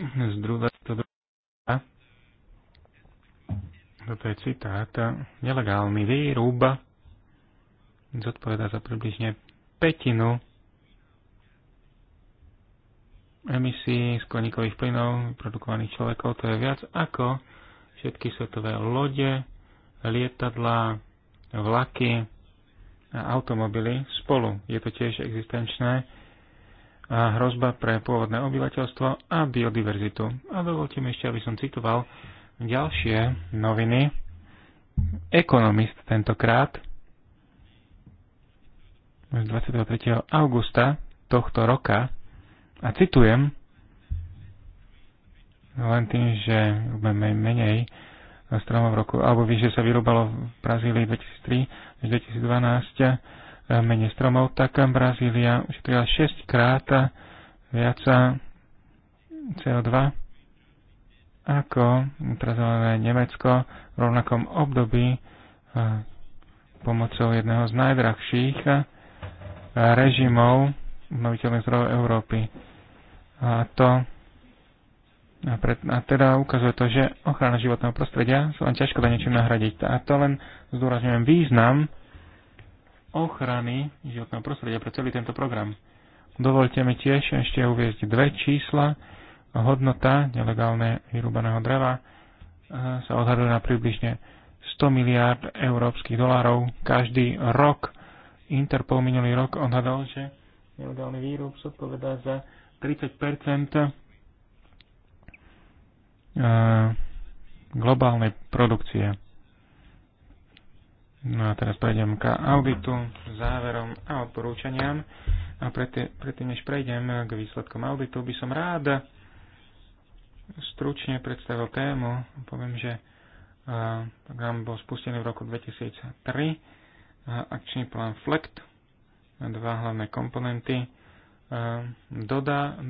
Z druhého to toto je citát, nelegálny výrub zodpovedá za približne petinu emisí skleníkových plynov produkovaných človekov, to je viac ako všetky svetové lode, lietadlá, vlaky a automobily spolu. Je to tiež existenčné a hrozba pre pôvodné obyvateľstvo a biodiverzitu. A dovolte mi ešte, aby som citoval ďalšie noviny. Ekonomist tentokrát z 23. augusta tohto roka a citujem len tým, že menej stromov roku, alebo víš, že sa vyrúbalo v Brazílii 2003 až 2012 mene stromov, tak Brazília už ušetrila 6 krát viac CO2 ako ultrazelené Nemecko v rovnakom období pomocou jedného z najdrahších režimov obnoviteľných zdrojov Európy. A to a, pred, a teda ukazuje to, že ochrana životného prostredia sa len ťažko dá niečím nahradiť. A to len zdôrazňujem význam ochrany životného prostredia pre celý tento program. Dovolte mi tiež ešte uviezť dve čísla. Hodnota nelegálne vyrúbaného dreva eh, sa odhaduje na približne 100 miliárd európskych dolárov každý rok. Interpol minulý rok odhadol, že nelegálny výrub zodpovedá za 30 eh, globálnej produkcie. No a teraz prejdem k auditu, záverom a odporúčaniam. A predtým, predtým než prejdem k výsledkom auditu, by som rád stručne predstavil tému. Poviem, že program bol spustený v roku 2003, akčný plán FLECT, dva hlavné komponenty, doda,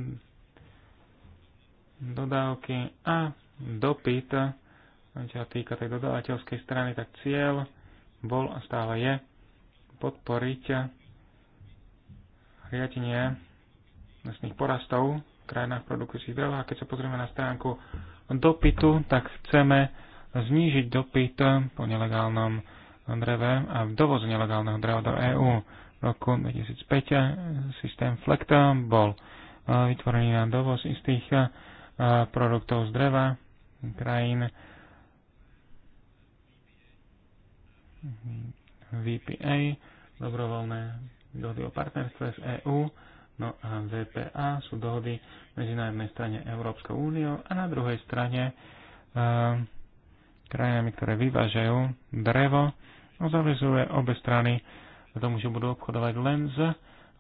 dodávky a dopyt, čo sa týka tej dodávateľskej strany, tak cieľ bol a stále je podporiť riadenie vlastných porastov v krajinách produkujúcich dreva. A keď sa pozrieme na stránku dopytu, tak chceme znížiť dopyt po nelegálnom dreve a dovoz nelegálneho dreva do EÚ. V roku 2005 systém FLECTA bol eh, vytvorený na dovoz istých eh, produktov z dreva krajín Mhm. VPA, dobrovoľné dohody o partnerstve z EÚ, no a VPA sú dohody medzi na jednej strane Európskou úniou a na druhej strane e, krajinami, ktoré vyvážajú drevo, zavezuje obe strany k tomu, že budú obchodovať len s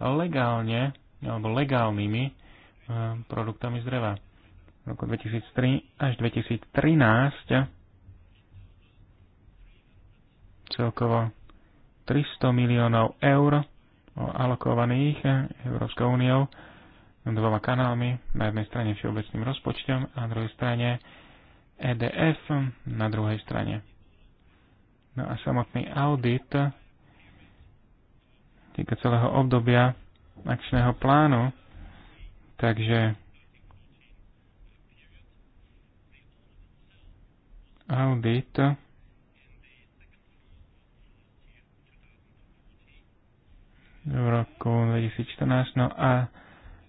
legálne alebo legálnymi e, produktami z dreva. V roku 2003 až 2013 celkovo 300 miliónov eur alokovaných Európskou úniou dvoma kanálmi, na jednej strane všeobecným rozpočtom a na druhej strane EDF na druhej strane. No a samotný audit týka celého obdobia akčného plánu, takže audit v roku 2014. No a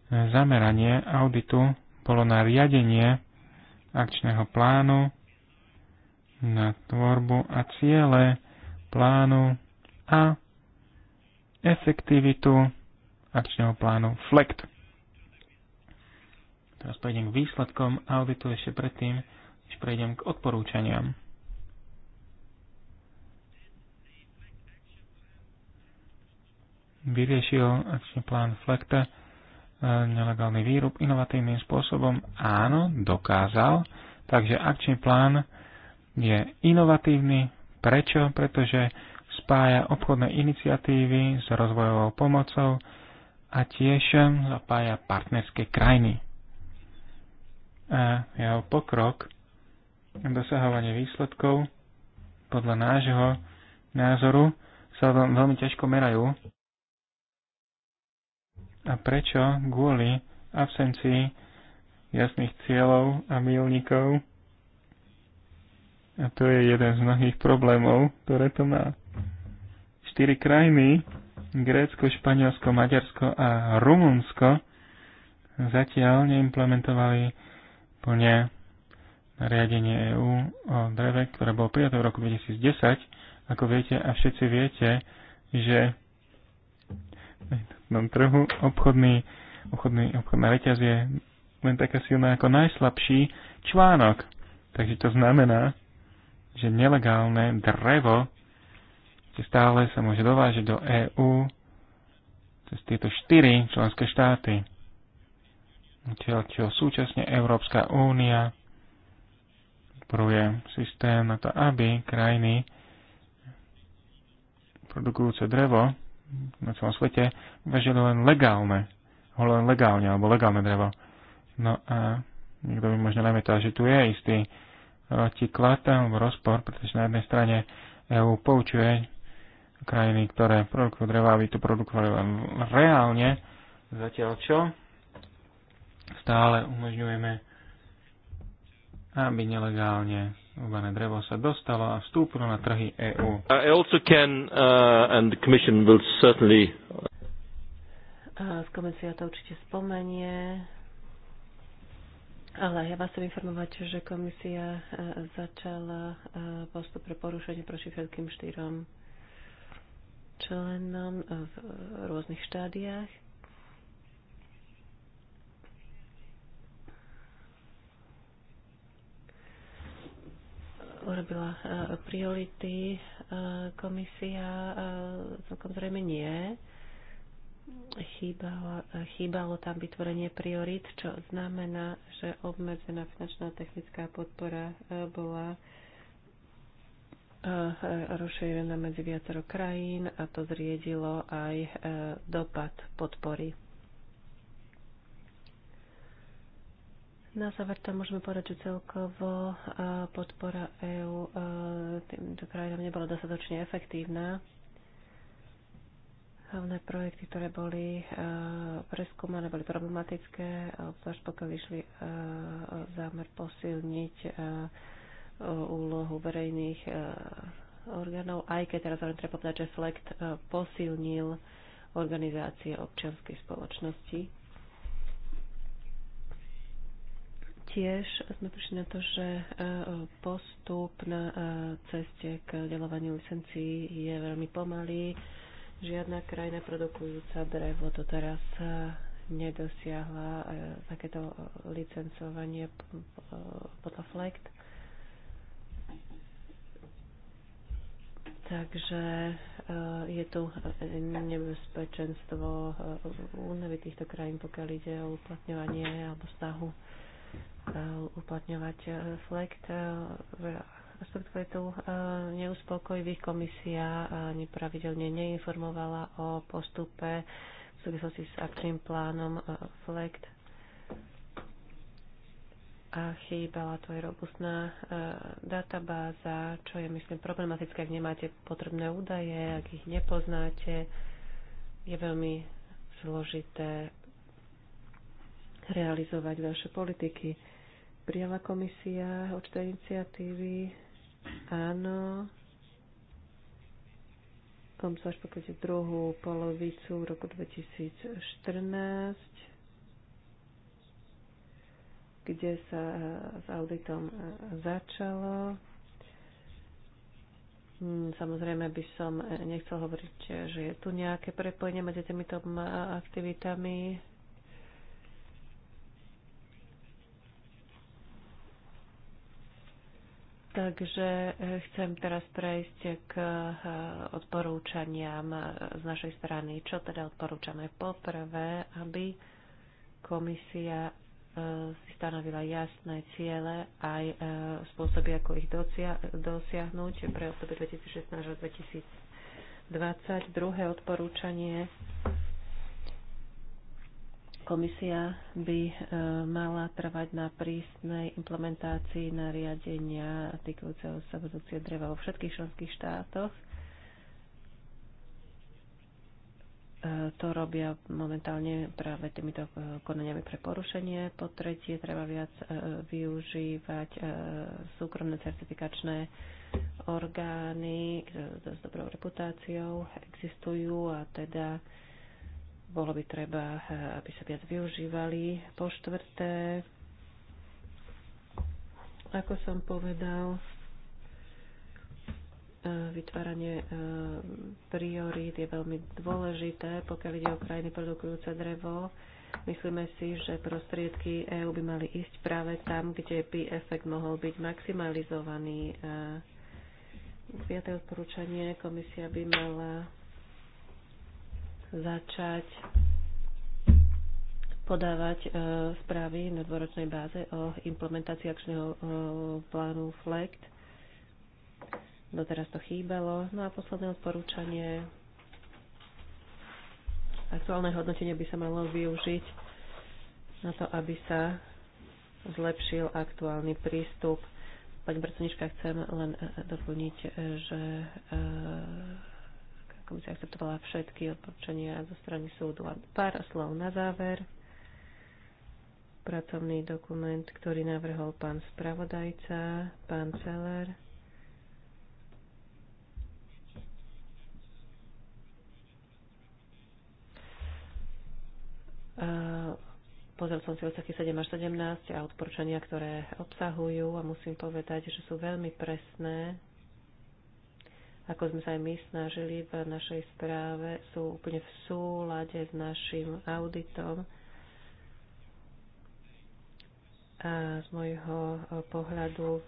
zameranie auditu bolo na riadenie akčného plánu, na tvorbu a ciele plánu a efektivitu akčného plánu FLECT. Teraz prejdem k výsledkom auditu ešte predtým, než prejdem k odporúčaniam. vyriešil akčný plán Flekta e, nelegálny výrub inovatívnym spôsobom? Áno, dokázal. Takže akčný plán je inovatívny. Prečo? Pretože spája obchodné iniciatívy s rozvojovou pomocou a tiež zapája partnerské krajiny. A jeho pokrok dosahovanie výsledkov podľa nášho názoru sa veľmi ťažko merajú a prečo kvôli absencii jasných cieľov a milníkov. A to je jeden z mnohých problémov, ktoré to má. Štyri krajiny, Grécko, Španielsko, Maďarsko a Rumunsko, zatiaľ neimplementovali plne nariadenie EÚ o dreve, ktoré bolo prijaté v roku 2010. Ako viete a všetci viete, že na trhu obchodný, obchodný, obchodná reťaz je len taká silná ako najslabší článok. Takže to znamená, že nelegálne drevo že stále sa môže dovážiť do EÚ cez tieto štyri členské štáty. Čo, čo súčasne Európska únia podporuje systém na to, aby krajiny produkujúce drevo na celom svete vežili len legálne, ho len legálne, alebo legálne drevo. No a niekto by možno namietal, že tu je istý protiklad e, alebo rozpor, pretože na jednej strane EU poučuje krajiny, ktoré produkujú dreva, aby to produkovali len reálne, zatiaľ čo stále umožňujeme, aby nelegálne uvané drevo sa dostalo a vstúpilo na trhy EÚ. Z komisia to určite spomenie, ale ja vás chcem informovať, že komisia uh, začala uh, postup pre porušenie proti všetkým štyrom členom v rôznych štádiách urobila e, priority e, komisia? E, celkom zrejme nie. Chýbalo, chýbalo tam vytvorenie priorit, čo znamená, že obmedzená finančná technická podpora bola rozšírená medzi viacero krajín a to zriedilo aj dopad podpory Na záver tam môžeme povedať, že celkovo e, podpora EÚ e, týmto krajinám nebola dostatočne efektívna. Hlavné projekty, ktoré boli e, preskúmané, boli problematické, obzvlášť pokiaľ išli zámer posilniť úlohu verejných orgánov, aj keď teraz len treba povedať, že SLECT posilnil organizácie občianskej spoločnosti Tiež sme prišli na to, že e, postup na e, ceste k delovaniu licencií je veľmi pomalý. Žiadna krajina produkujúca drevo to teraz e, nedosiahla takéto licencovanie podľa FLECT. Takže je tu nebezpečenstvo únavy týchto krajín, pokiaľ ide o uplatňovanie alebo stahu uplatňovať e, FLECT e, v aspektu e, neuspokojivých komisia ani pravidelne neinformovala o postupe v súvislosti s akčným plánom FLECT a chýbala to aj robustná databáza, čo je, myslím, problematické, ak nemáte potrebné údaje, ak ich nepoznáte. Je veľmi zložité realizovať vaše politiky prijala komisia očité iniciatívy. Áno. sa až je druhú polovicu roku 2014, kde sa eh, s auditom eh, začalo. Hm, samozrejme by som eh, nechcel hovoriť, že je tu nejaké prepojenie medzi týmito hm, aktivitami Takže e, chcem teraz prejsť k e, odporúčaniam e, z našej strany. Čo teda odporúčame? Poprvé, aby komisia si stanovila jasné ciele aj spôsoby, ako ich dosiahnuť pre obdobie 2016 až 2020. Druhé odporúčanie Komisia by e, mala trvať na prísnej implementácii nariadenia týkajúceho sa produkcie dreva vo všetkých členských štátoch. E, to robia momentálne práve týmito e, konaniami pre porušenie. Po tretie, treba viac využívať súkromné certifikačné orgány ktoré s dobrou reputáciou existujú a teda bolo by treba, eh, aby sa viac využívali. Po štvrté, ako som povedal, eh, vytváranie eh, priorít je veľmi dôležité, pokiaľ ide o krajiny produkujúce drevo. Myslíme si, že prostriedky EÚ by mali ísť práve tam, kde by efekt mohol byť maximalizovaný. Piaté odporúčanie komisia by mala začať podávať e, správy na dvoročnej báze o implementácii akčného e, plánu FLECT. Doteraz to chýbalo. No a posledné odporúčanie. Aktuálne hodnotenie by sa malo využiť na to, aby sa zlepšil aktuálny prístup. Pani Brconička, chcem len e, doplniť, že komisia akceptovala všetky odporúčania zo strany súdu. A pár slov na záver. Pracovný dokument, ktorý navrhol pán spravodajca, pán Celer. Pozrel som si odseky 7 až 17 a odporúčania, ktoré obsahujú a musím povedať, že sú veľmi presné ako sme sa aj my snažili v našej správe, sú úplne v súlade s našim auditom. A z môjho e, pohľadu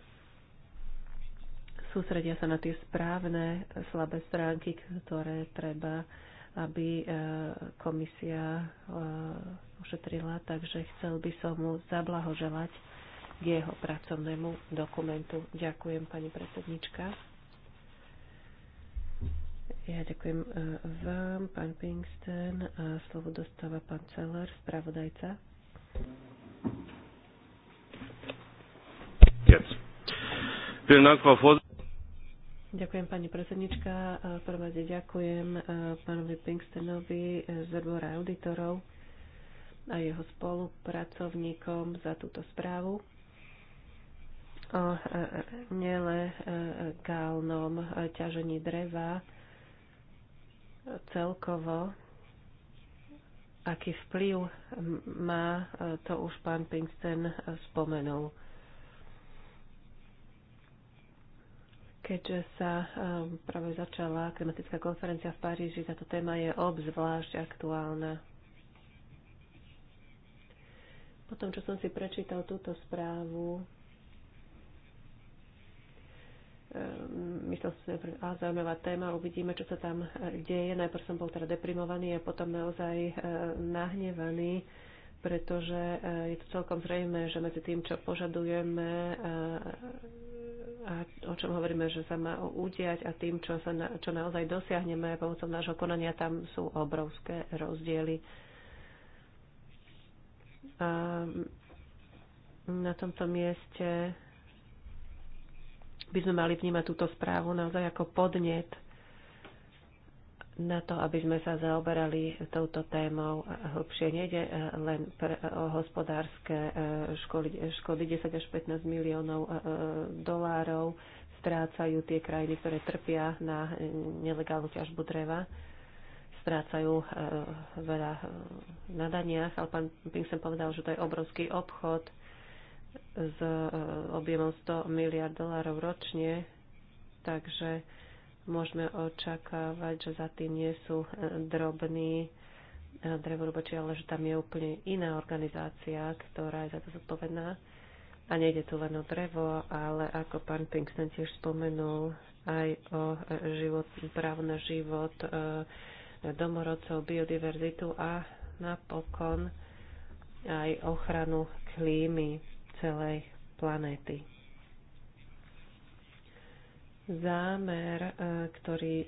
sústredia sa na tie správne slabé stránky, ktoré treba, aby e, komisia ušetrila, e, Takže chcel by som mu zablahoželať k jeho pracovnému dokumentu. Ďakujem, pani predsednička. Ja ďakujem e, vám, pán Pinkston. a slovo dostáva pán Celer, spravodajca. Ďakujem pani predsednička. E, Prvé ďakujem e, pánovi Pinkstonovi z odbora auditorov a jeho spolupracovníkom za túto správu o nelegálnom ťažení dreva celkovo, aký vplyv má, e, to už pán Pinkston spomenul. Keďže sa e, práve začala klimatická konferencia v Paríži, táto téma je obzvlášť aktuálna. Po tom, čo som si prečítal túto správu, Ehm, myslel som si a zaujímavá téma, uvidíme, čo sa tam eh, deje. Najprv som bol teda deprimovaný a potom naozaj eh, nahnevaný, pretože eh, je to celkom zrejme, že medzi tým, čo požadujeme a o čom hovoríme, že sa má udiať a tým, čo, sa na, čo naozaj dosiahneme pomocou nášho konania, tam sú obrovské rozdiely. A mm, na tomto mieste by sme mali vnímať túto správu naozaj ako podnet na to, aby sme sa zaoberali touto témou hlbšie. Nejde eh, len pre, eh, o hospodárske eh, škody, škody 10 až 15 miliónov dolárov strácajú tie krajiny, ktoré trpia na nelegálnu ťažbu dreva strácajú veľa na daniach, ale pán sem povedal, že to je obrovský obchod, s e, objemom 100 miliard dolárov ročne, takže môžeme očakávať, že za tým nie sú e, drobní e, drevorúbači, ale že tam je úplne iná organizácia, ktorá je za to zodpovedná. A nejde tu len o drevo, ale ako pán Pinkston tiež spomenul, aj o život, právo na život domorodcov, biodiverzitu a napokon aj ochranu klímy celej planéty. Zámer, e, ktorý e,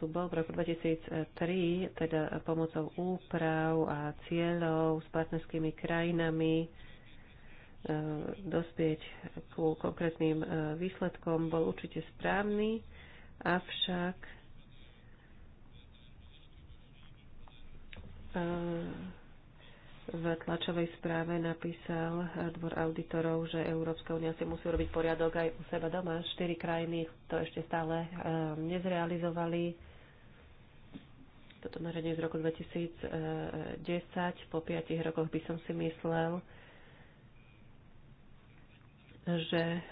tu bol v roku 2003, teda pomocou úprav a cieľov s partnerskými krajinami, e, dospieť ku konkrétnym výsledkom, bol určite správny, avšak v tlačovej správe napísal dvor auditorov, že Európska únia si musí urobiť poriadok aj u seba doma. Štyri krajiny to ešte stále eh, nezrealizovali. Toto nariadenie z roku 2010. Eh, po piatich rokoch by som si myslel, že eh,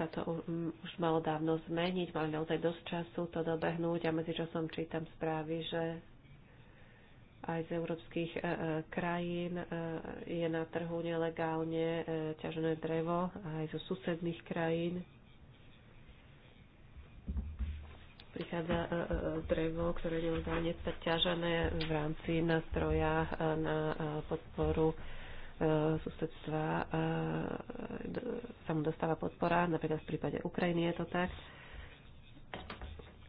sa to už malo dávno zmeniť. Mali naozaj dosť času to dobehnúť a medzičasom čítam správy, že aj z európskych e, e, krajín e, je na trhu nelegálne ťažené drevo, aj zo susedných krajín. Prichádza drevo, ktoré je nelegálne ťažené v rámci nástroja na podporu susedstva. Sa mu dostáva podpora, napríklad v prípade Ukrajiny je to tak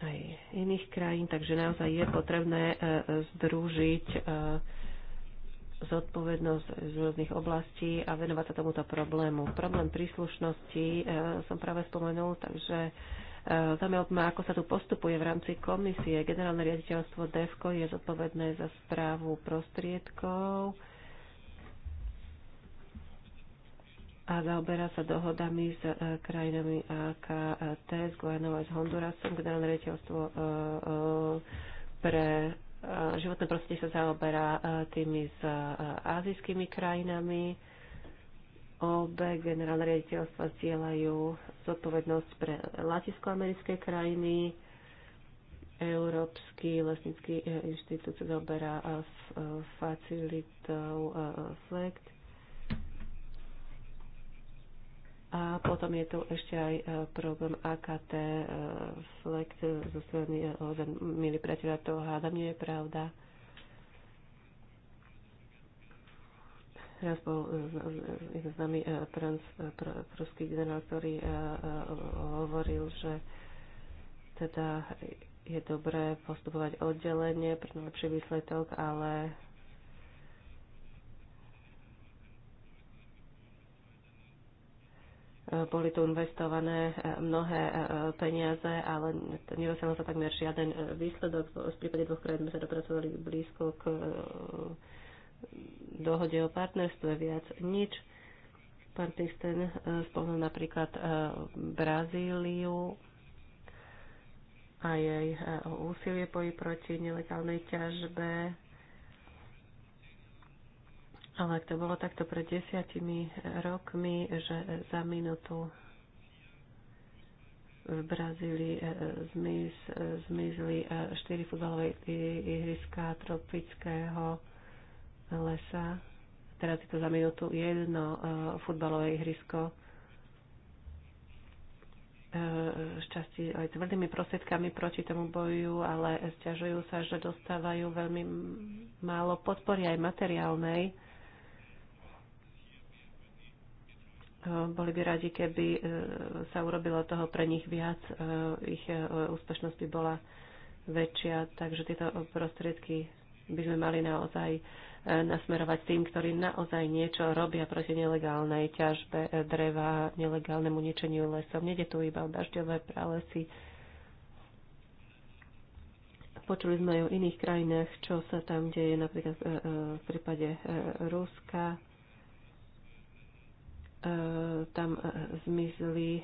aj iných krajín, takže naozaj je potrebné e, e, združiť e, zodpovednosť z rôznych oblastí a venovať sa tomuto problému. Problém príslušnosti som práve spomenul, takže Zamiaľ ma, ako sa tu postupuje v rámci komisie. Generálne riaditeľstvo DEFCO je zodpovedné za správu prostriedkov a zaoberá sa dohodami s e, krajinami AKT, e, s Guajanou a s Hondurasom. Generálne riaditeľstvo e, pre životné prostredie sa zaoberá tými s azijskými krajinami. Obe generálne riaditeľstva zdieľajú zodpovednosť pre latinskoamerické krajiny. Európsky lesnický inštitút sa zaoberá facilitou FLECT A potom je tu ešte aj e, problém AKT e, Select zo strany e, Milí priateľa, to hádam nie je pravda. Raz bol jeden z nami trans, pruský generál, ktorý hovoril, že teda je dobré postupovať oddelenie pre najlepší výsledok, ale boli tu investované e, mnohé e, peniaze, ale nedosiahol sa takmer žiaden e, výsledok. V prípade dvoch krajín sme sa dopracovali blízko k dohode o partnerstve, viac nič. Pán Pisten spomenul napríklad Brazíliu a jej úsilie boji proti nelegálnej ťažbe ale ak to bolo takto pred desiatimi rokmi, že za minútu v Brazílii e, e, zmiz, e, zmizli štyri futbalové ihriska tropického lesa. Teraz je to za minútu jedno futbalové ihrisko časti aj tvrdými prostriedkami proti tomu boju, ale stiažujú sa, že dostávajú veľmi málo podpory aj materiálnej boli by radi, keby e, sa urobilo toho pre nich viac, e, ich e, úspešnosť by bola väčšia, takže tieto prostriedky by sme mali naozaj nasmerovať tým, ktorí naozaj niečo robia proti nelegálnej ťažbe dreva, nelegálnemu ničeniu lesov. Nede tu iba o dažďové pralesy. Počuli sme aj o iných krajinách, čo sa tam deje, napríklad v prípade Ruska tam e, zmizli e, e,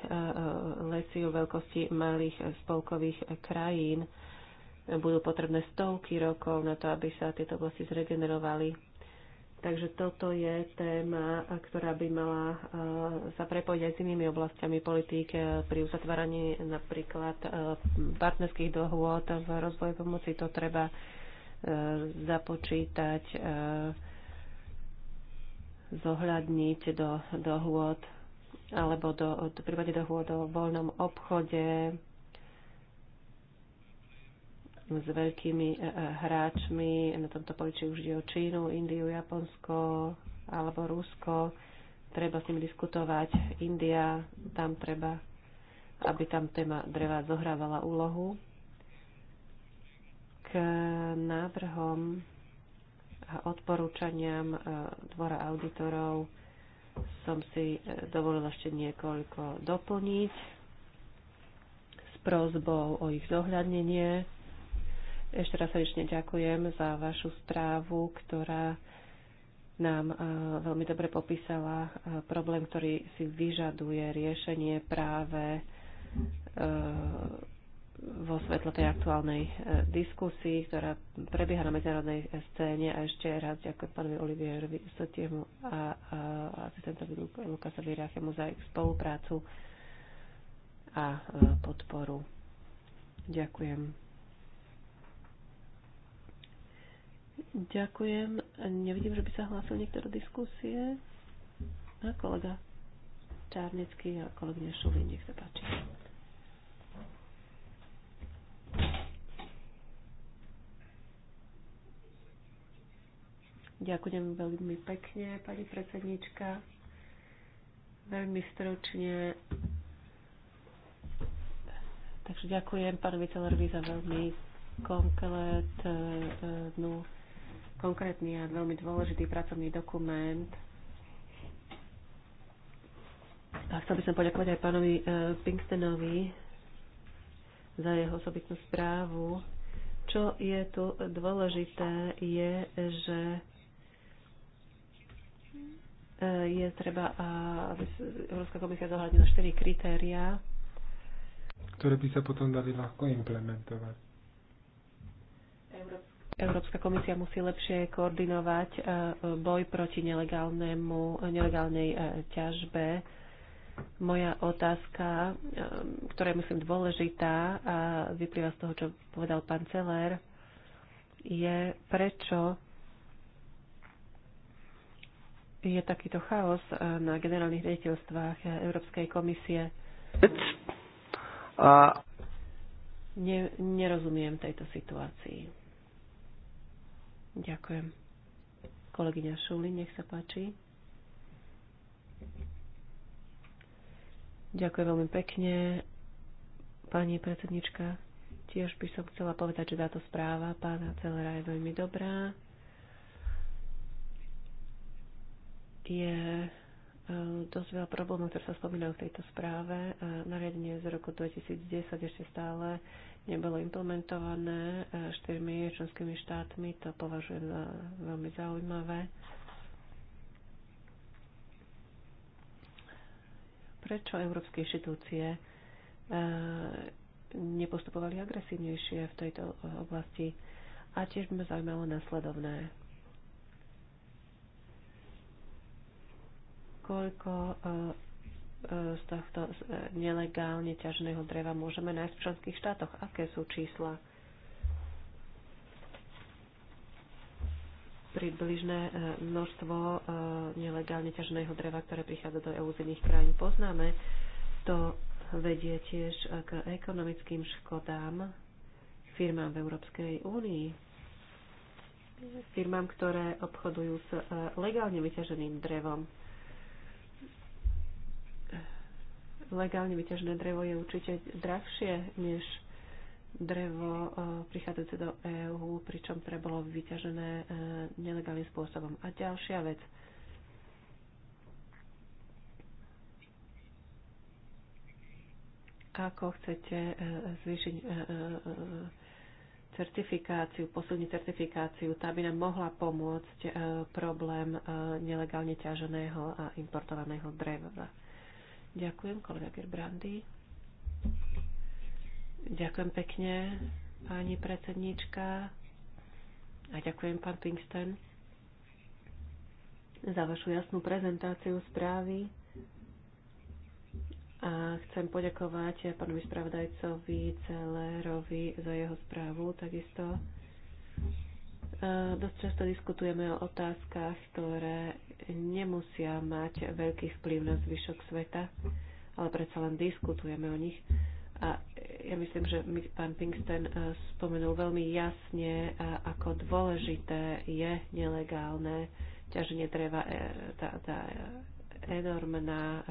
lesy o veľkosti malých spolkových krajín. Budú potrebné stovky rokov na to, aby sa tieto oblasti zregenerovali. Takže toto je téma, ktorá by mala sa prepojiť aj s inými oblastiami politík pri uzatváraní napríklad partnerských dohôd v rozvoji pomoci. To treba započítať zohľadniť do hôd, alebo do, do prípade hôd o voľnom obchode s veľkými e, e, hráčmi na tomto poličí už ide o Čínu, Indiu, Japonsko alebo Rusko. Treba s nimi diskutovať. India, tam treba, aby tam téma dreva zohrávala úlohu. K návrhom a odporúčaniam e, dvora auditorov som si e, dovolila ešte niekoľko doplniť s prozbou o ich zohľadnenie. Ešte raz srdečne ďakujem za vašu správu, ktorá nám e, veľmi dobre popísala problém, ktorý si vyžaduje riešenie práve vo svetle tej aktuálnej e, diskusii, ktorá prebieha na medzinárodnej e, scéne. A ešte raz ďakujem pánovi Olivierovi Sotiemu a, a asistentovi Lukasovi Rachemu za ich spoluprácu a e, podporu. Ďakujem. Ďakujem. Nevidím, že by sa hlásil niekto do diskusie. A kolega Čárnecký a kolegyňa Šuvin, nech sa páči. Ďakujem veľmi pekne, pani predsednička. Veľmi stručne. Takže ďakujem pánovi Celerovi za veľmi konkrétnu, e, e, no, konkrétny a veľmi dôležitý pracovný dokument. A chcel by som poďakovať aj pánovi e, Pinkstenovi za jeho osobitnú správu. Čo je tu dôležité, je, že je treba, aby Európska komisia zohľadnila 4 kritéria, ktoré by sa potom dali ľahko implementovať. Európska komisia musí lepšie koordinovať e, boj proti nelegálnemu, nelegálnej e, ťažbe. Moja otázka, e, ktorá je myslím dôležitá a vyplýva z toho, čo povedal pán Celer, je prečo je takýto chaos e, na generálnych rejiteľstvách e, Európskej komisie. A... Ne, nerozumiem tejto situácii. Ďakujem. Kolegyňa Šuli, nech sa páči. Ďakujem veľmi pekne. Pani predsednička, tiež by som chcela povedať, že táto správa pána Celera je veľmi dobrá je e, dosť veľa problémov, ktoré sa spomínajú v tejto správe. E, nariadenie z roku 2010 ešte stále nebolo implementované e, štyrmi členskými štátmi. To považujem za veľmi zaujímavé. Prečo európske inštitúcie nepostupovali agresívnejšie v tejto oblasti? A tiež by ma zaujímalo následovné koľko e, e, z tohto e, nelegálne ťaženého dreva môžeme nájsť v členských štátoch. Aké sú čísla? Približné množstvo nelegálne ťaženého dreva, ktoré prichádza do EU z iných krajín, poznáme. To vedie tiež k ekonomickým škodám firmám v Európskej únii firmám, ktoré obchodujú s legálne vyťaženým drevom. legálne vyťažené drevo je určite drahšie než drevo e, prichádzajúce do EÚ, pričom ktoré teda bolo vyťažené e, nelegálnym spôsobom. A ďalšia vec. Ako chcete e, zvýšiť certifikáciu, posilniť certifikáciu, tá by nám mohla pomôcť problém nelegálne ťaženého a importovaného dreva. Ďakujem, kolega Gerbrandy. Ďakujem pekne, pani predsedníčka. A ďakujem, pán Pinkston, za vašu jasnú prezentáciu správy. A chcem poďakovať pánovi spravodajcovi Celerovi za jeho správu takisto. Dosť často diskutujeme o otázkach, ktoré nemusia mať veľký vplyv na zvyšok sveta, ale predsa len diskutujeme o nich. A ja myslím, že my pán Pinkston e, spomenul veľmi jasne, e, ako dôležité je nelegálne ťaženie dreva, e, tá, tá enormná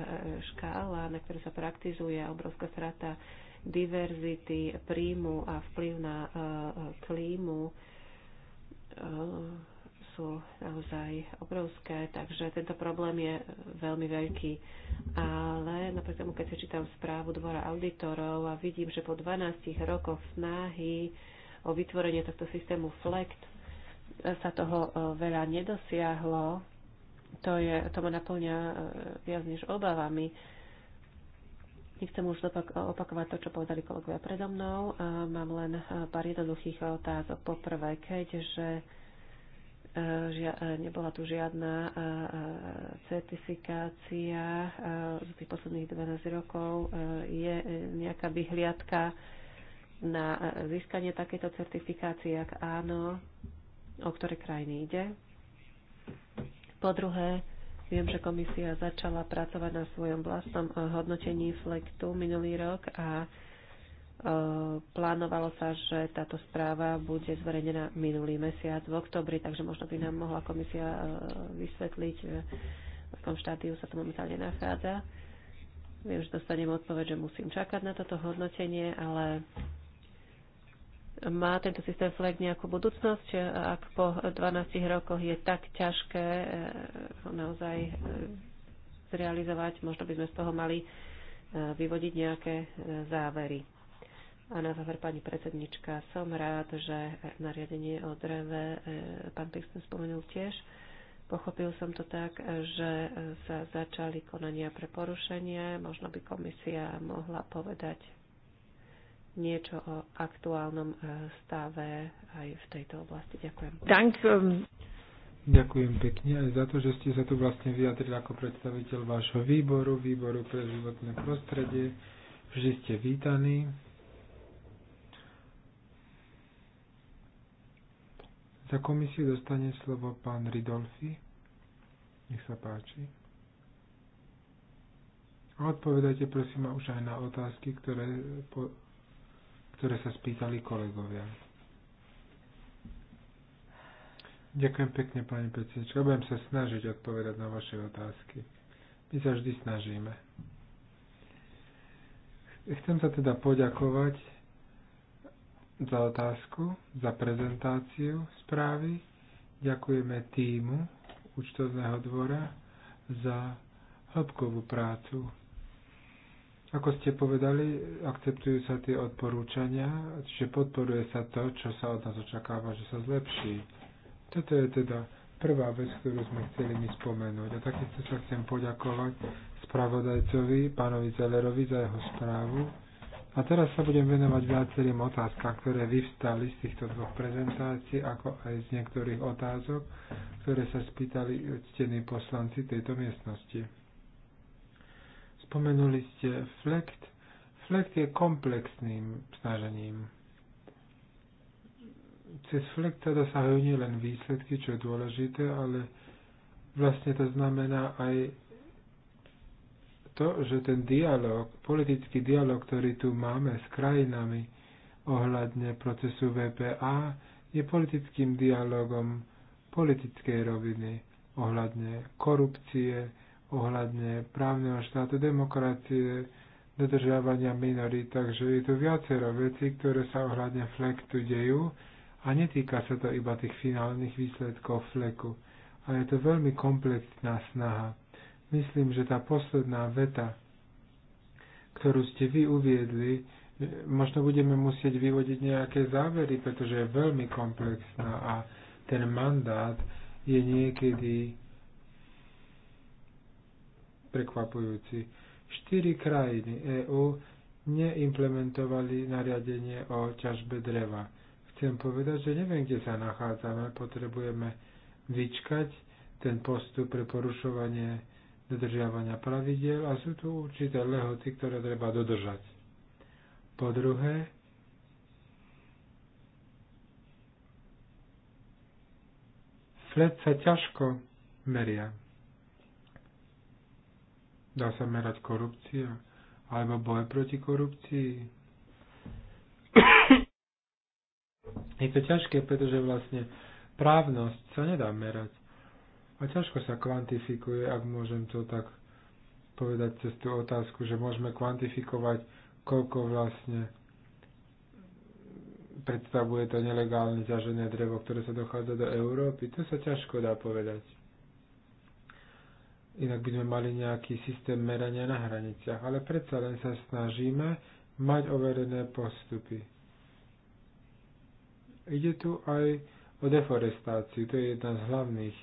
škála, na ktorej sa praktizuje obrovská strata diverzity, príjmu a vplyv na klímu Eh, sú naozaj obrovské, takže tento problém je veľmi veľký. Ale napriek tomu, keď si čítam správu Dvora auditorov a vidím, že po 12 rokoch snahy o vytvorenie tohto systému FLECT eh, sa toho eh, veľa nedosiahlo, to, je, to ma naplňa viac než obavami Nechcem už opakovať to, čo povedali kolegovia predo mnou. Mám len e, pár jednoduchých otázok. Poprvé, keďže e, e, nebola tu žiadna certifikácia z tých posledných 12 rokov, je nejaká vyhliadka na získanie takéto certifikácie, ak áno, o ktoré krajiny ide. Po druhé, Viem, že komisia začala pracovať na svojom vlastnom e, hodnotení flektu minulý rok a e, plánovalo sa, že táto správa bude zverejnená minulý mesiac v oktobri, takže možno by nám mohla komisia e, vysvetliť, v akom štádiu sa to momentálne nachádza. Viem, že dostanem odpoveď, že musím čakať na toto hodnotenie, ale má tento systém FLEG nejakú budúcnosť, ak po 12 rokoch je tak ťažké eh, ho naozaj eh, zrealizovať? Možno by sme z toho mali eh, vyvodiť nejaké závery. A na záver, pani predsednička, som rád, že nariadenie o dreve pán Pixton spomenul tiež. Pochopil som to tak, že sa začali konania pre porušenie. Možno by komisia mohla povedať niečo o aktuálnom e, stave aj v tejto oblasti. Ďakujem. Ďakujem. Ďakujem pekne aj za to, že ste sa tu vlastne vyjadrili ako predstaviteľ vášho výboru, výboru pre životné prostredie. Vždy ste vítaní. Za komisiu dostane slovo pán Ridolfi. Nech sa páči. A odpovedajte prosím už aj na otázky, ktoré po ktoré sa spýtali kolegovia. Ďakujem pekne, pani predsednička. Budem sa snažiť odpovedať na vaše otázky. My sa vždy snažíme. Chcem sa teda poďakovať za otázku, za prezentáciu správy. Ďakujeme týmu účtovného dvora za hĺbkovú prácu, ako ste povedali, akceptujú sa tie odporúčania, čiže podporuje sa to, čo sa od nás očakáva, že sa zlepší. Toto je teda prvá vec, ktorú sme chceli mi spomenúť. A takisto sa chcem poďakovať spravodajcovi, pánovi Zellerovi za jeho správu. A teraz sa budem venovať viacerým otázkam, ktoré vyvstali z týchto dvoch prezentácií, ako aj z niektorých otázok, ktoré sa spýtali ctení poslanci tejto miestnosti. Spomenuli ste FLECT. FLEKT je komplexným snažením. Cez FLEKT sa dosahujú nielen výsledky, čo je dôležité, ale vlastne to znamená aj to, že ten dialog, politický dialog, ktorý tu máme s krajinami ohľadne procesu VPA, je politickým dialogom politickej roviny ohľadne korupcie, ohľadne právneho štátu, demokracie, dodržiavania minory, takže je tu viacero vecí, ktoré sa ohľadne flektu dejú a netýka sa to iba tých finálnych výsledkov fleku. A je to veľmi komplexná snaha. Myslím, že tá posledná veta, ktorú ste vy uviedli, možno budeme musieť vyvodiť nejaké závery, pretože je veľmi komplexná a ten mandát je niekedy prekvapujúci. Štyri krajiny EÚ neimplementovali nariadenie o ťažbe dreva. Chcem povedať, že neviem, kde sa nachádzame. Potrebujeme vyčkať ten postup pre porušovanie dodržiavania pravidel a sú tu určité lehoty, ktoré treba dodržať. Po druhé, flet sa ťažko meria. Dá sa merať korupcia? Alebo boj proti korupcii? Je to ťažké, pretože vlastne právnosť sa nedá merať. A ťažko sa kvantifikuje, ak môžem to tak povedať cez tú otázku, že môžeme kvantifikovať, koľko vlastne predstavuje to nelegálne ťažené drevo, ktoré sa dochádza do Európy. To sa ťažko dá povedať. Inak by sme mali nejaký systém merania na hraniciach, ale predsa len sa snažíme mať overené postupy. Ide tu aj o deforestáciu. To je jedna z hlavných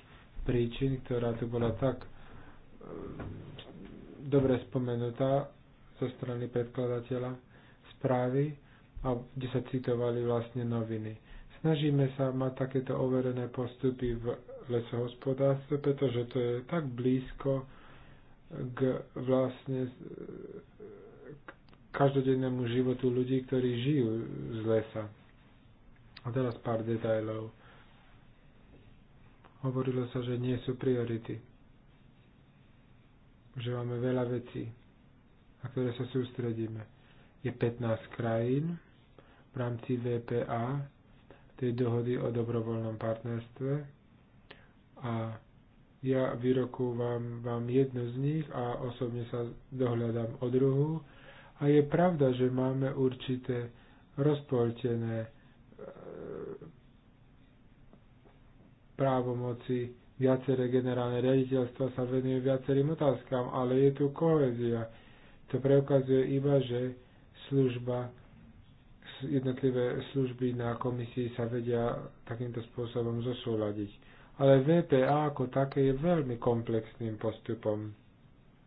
príčin, ktorá tu bola tak eh, dobre spomenutá zo strany predkladateľa správy, a kde sa citovali vlastne noviny. Snažíme sa mať takéto overené postupy v lesohospodárstve, pretože to je tak blízko k vlastne e, k každodennému životu ľudí, ktorí žijú z lesa. A teraz pár detajlov. Hovorilo sa, že nie sú priority. Že máme veľa vecí, na ktoré sa sústredíme. Je 15 krajín v rámci VPA, tej dohody o dobrovoľnom partnerstve, a ja vyrokúvam vám jednu z nich a osobne sa dohľadám o druhú. A je pravda, že máme určité rozpoltené e, právomoci, viaceré generálne riaditeľstva sa venujú viacerým otázkam, ale je tu kohezia. To preukazuje iba, že služba, jednotlivé služby na komisii sa vedia takýmto spôsobom zosúľadiť ale VPA ako také je veľmi komplexným postupom.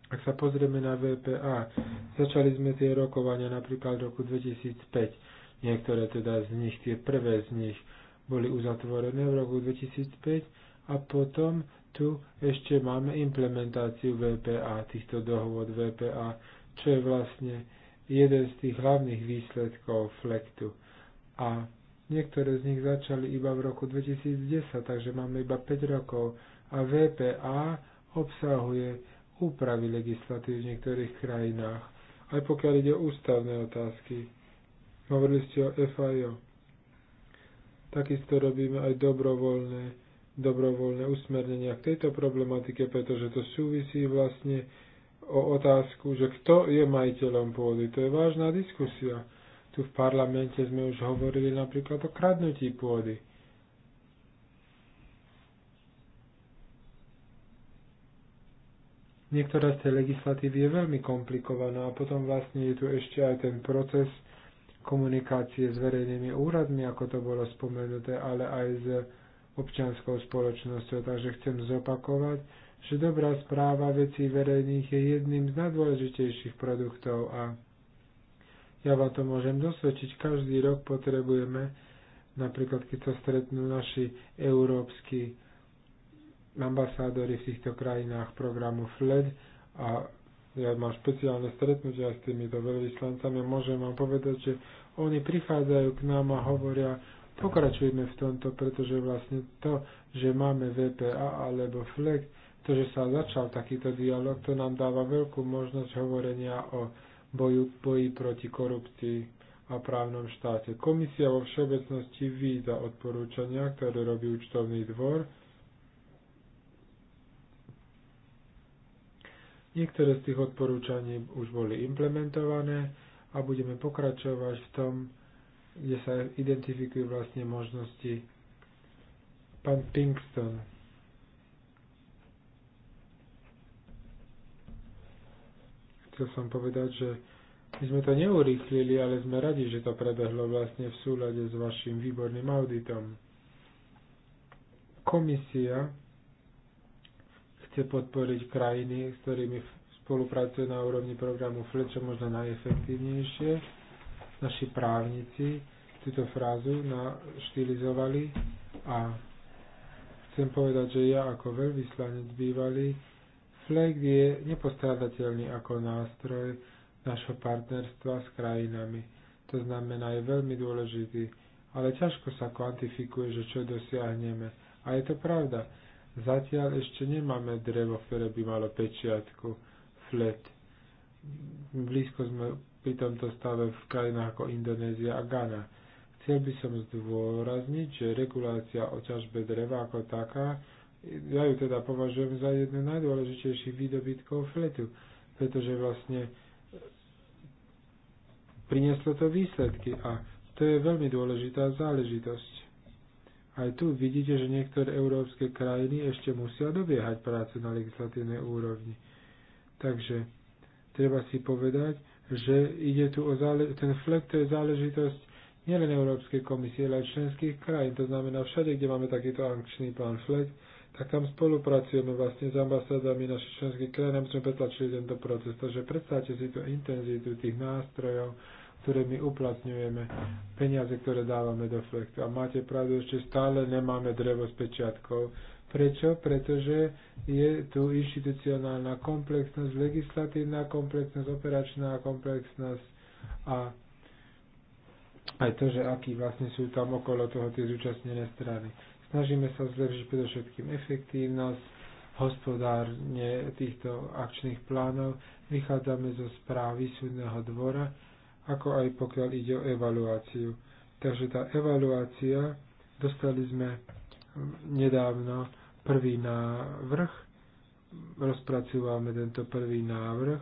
Ak sa pozrieme na VPA, začali sme tie rokovania napríklad v roku 2005. Niektoré teda z nich, tie prvé z nich, boli uzatvorené v roku 2005 a potom tu ešte máme implementáciu VPA, týchto dohovod VPA, čo je vlastne jeden z tých hlavných výsledkov flektu. A Niektoré z nich začali iba v roku 2010, takže máme iba 5 rokov a VPA obsahuje úpravy legislatív v niektorých krajinách, aj pokiaľ ide o ústavné otázky. Hovorili ste o FIO. Takisto robíme aj dobrovoľné, dobrovoľné usmernenia k tejto problematike, pretože to súvisí vlastne o otázku, že kto je majiteľom pôdy. To je vážna diskusia. Tu v parlamente sme už hovorili napríklad o kradnutí pôdy. Niektorá z tej legislatívy je veľmi komplikovaná a potom vlastne je tu ešte aj ten proces komunikácie s verejnými úradmi, ako to bolo spomenuté, ale aj s občianskou spoločnosťou. Takže chcem zopakovať, že dobrá správa vecí verejných je jedným z najdôležitejších produktov a ja vám to môžem dosvedčiť. Každý rok potrebujeme, napríklad keď sa stretnú naši európsky ambasádori v týchto krajinách programu FLED a ja mám špeciálne stretnutia s týmito veľvyslancami, môžem vám povedať, že oni prichádzajú k nám a hovoria, pokračujeme v tomto, pretože vlastne to, že máme VPA alebo FLEG, to, že sa začal takýto dialog, to nám dáva veľkú možnosť hovorenia o boju, boji proti korupcii a právnom štáte. Komisia vo všeobecnosti víta odporúčania, ktoré robí účtovný dvor. Niektoré z tých odporúčaní už boli implementované a budeme pokračovať v tom, kde sa identifikujú vlastne možnosti. Pán Pinkston. chcel som povedať, že my sme to neurýchlili, ale sme radi, že to prebehlo vlastne v súlade s vašim výborným auditom. Komisia chce podporiť krajiny, s ktorými spolupracuje na úrovni programu FLEČ, čo možno najefektívnejšie. Naši právnici túto frázu naštilizovali a chcem povedať, že ja ako veľvyslanec bývalý FLEG je nepostradateľný ako nástroj našho partnerstva s krajinami. To znamená, je veľmi dôležitý, ale ťažko sa kvantifikuje, že čo dosiahneme. A je to pravda. Zatiaľ ešte nemáme drevo, ktoré by malo pečiatku, flet. Blízko sme pri tomto stave v krajinách ako Indonézia a Ghana. Chcel by som zdôrazniť, že regulácia o ťažbe dreva ako taká ja ju teda považujem za jednu najdôležitejších výdobytkov fletu, pretože vlastne e, prinieslo to výsledky a to je veľmi dôležitá záležitosť. Aj tu vidíte, že niektoré európske krajiny ešte musia dobiehať prácu na legislatívnej úrovni. Takže treba si povedať, že ide tu o zále- ten flek, to je záležitosť nielen Európskej komisie, ale aj členských krajín. To znamená, všade, kde máme takýto akčný plán FLEK tak tam spolupracujeme vlastne s ambasádami našich členských krajín, aby sme pretlačili tento proces. Takže predstavte si tú intenzitu tých nástrojov, ktoré my uplatňujeme, peniaze, ktoré dávame do flektu. A máte pravdu, ešte stále nemáme drevo s pečiatkou. Prečo? Pretože je tu inštitucionálna komplexnosť, legislatívna komplexnosť, operačná komplexnosť a aj to, že aký vlastne sú tam okolo toho tie zúčastnené strany. Snažíme sa zlepšiť predovšetkým efektívnosť hospodárne týchto akčných plánov. Vychádzame zo správy súdneho dvora, ako aj pokiaľ ide o evaluáciu. Takže tá evaluácia, dostali sme nedávno prvý návrh, rozpracúvame tento prvý návrh,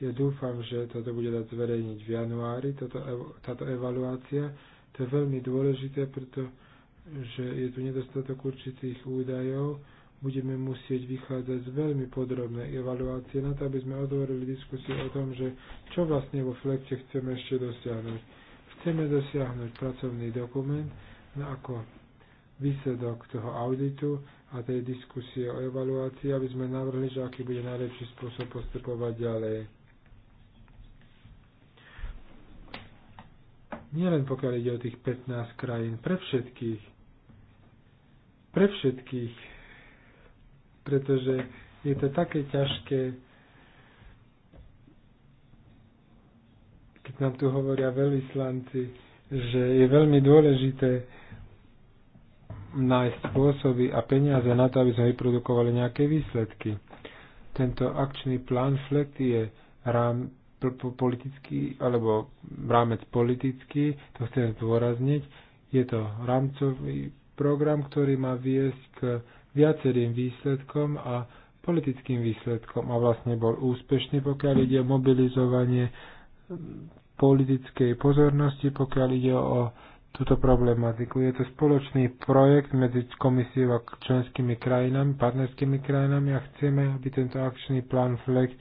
ja dúfam, že toto bude dať zverejniť v januári, toto, táto evaluácia. To je veľmi dôležité, pretože že je tu nedostatok určitých údajov, budeme musieť vychádzať z veľmi podrobnej evaluácie na to, aby sme otvorili diskusiu o tom, že čo vlastne vo flekte chceme ešte dosiahnuť. Chceme dosiahnuť pracovný dokument no ako výsledok toho auditu a tej diskusie o evaluácii, aby sme navrhli, že aký bude najlepší spôsob postupovať ďalej. Nielen pokiaľ ide o tých 15 krajín, pre všetkých pre všetkých, pretože je to také ťažké, keď nám tu hovoria veľvyslanci, že je veľmi dôležité nájsť spôsoby a peniaze na to, aby sme vyprodukovali nejaké výsledky. Tento akčný plán FLECT je rám, politický, alebo rámec politický, to chcem zdôrazniť, je to rámcový program, ktorý má viesť k viacerým výsledkom a politickým výsledkom a vlastne bol úspešný, pokiaľ ide o mobilizovanie politickej pozornosti, pokiaľ ide o túto problematiku. Je to spoločný projekt medzi komisiou a členskými krajinami, partnerskými krajinami a chceme, aby tento akčný plán FLEG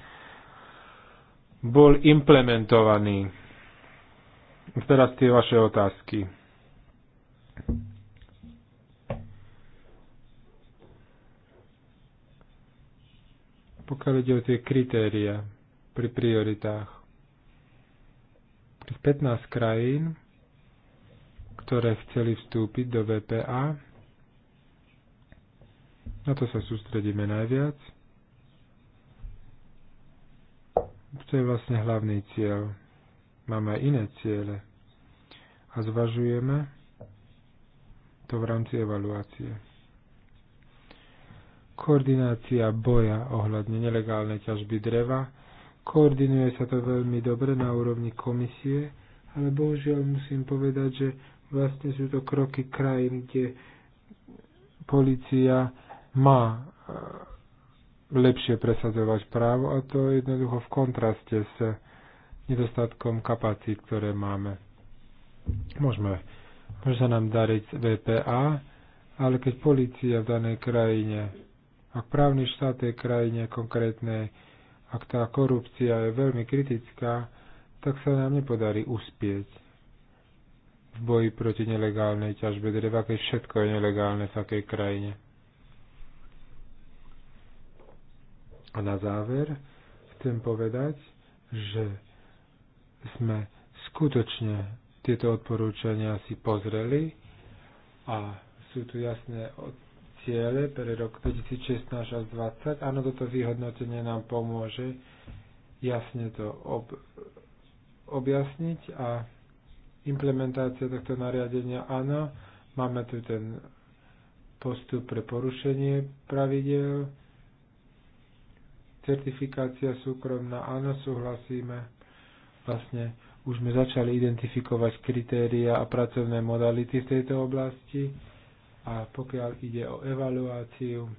bol implementovaný. Teraz tie vaše otázky. pokiaľ ide o tie kritéria pri prioritách. Tých 15 krajín, ktoré chceli vstúpiť do VPA, na to sa sústredíme najviac. To je vlastne hlavný cieľ. Máme aj iné ciele. A zvažujeme to v rámci evaluácie koordinácia boja ohľadne nelegálnej ťažby dreva. Koordinuje sa to veľmi dobre na úrovni komisie, ale bohužiaľ musím povedať, že vlastne sú to kroky krajín, kde policia má e, lepšie presadzovať právo a to jednoducho v kontraste s nedostatkom kapacít, ktoré máme. Môžeme, môže sa nám dariť VPA, ale keď policia v danej krajine ak právny štát tej krajine konkrétnej, ak tá korupcia je veľmi kritická, tak sa nám nepodarí uspieť v boji proti nelegálnej ťažbe dreva, keď všetko je nelegálne v takej krajine. A na záver chcem povedať, že sme skutočne tieto odporúčania si pozreli a sú tu jasné ciele pre rok 2016 až 2020. Áno, toto vyhodnotenie nám pomôže jasne to ob, objasniť a implementácia tohto nariadenia, áno, máme tu ten postup pre porušenie pravidel, certifikácia súkromná, áno, súhlasíme. Vlastne už sme začali identifikovať kritéria a pracovné modality v tejto oblasti a pokiaľ ide o evaluáciu,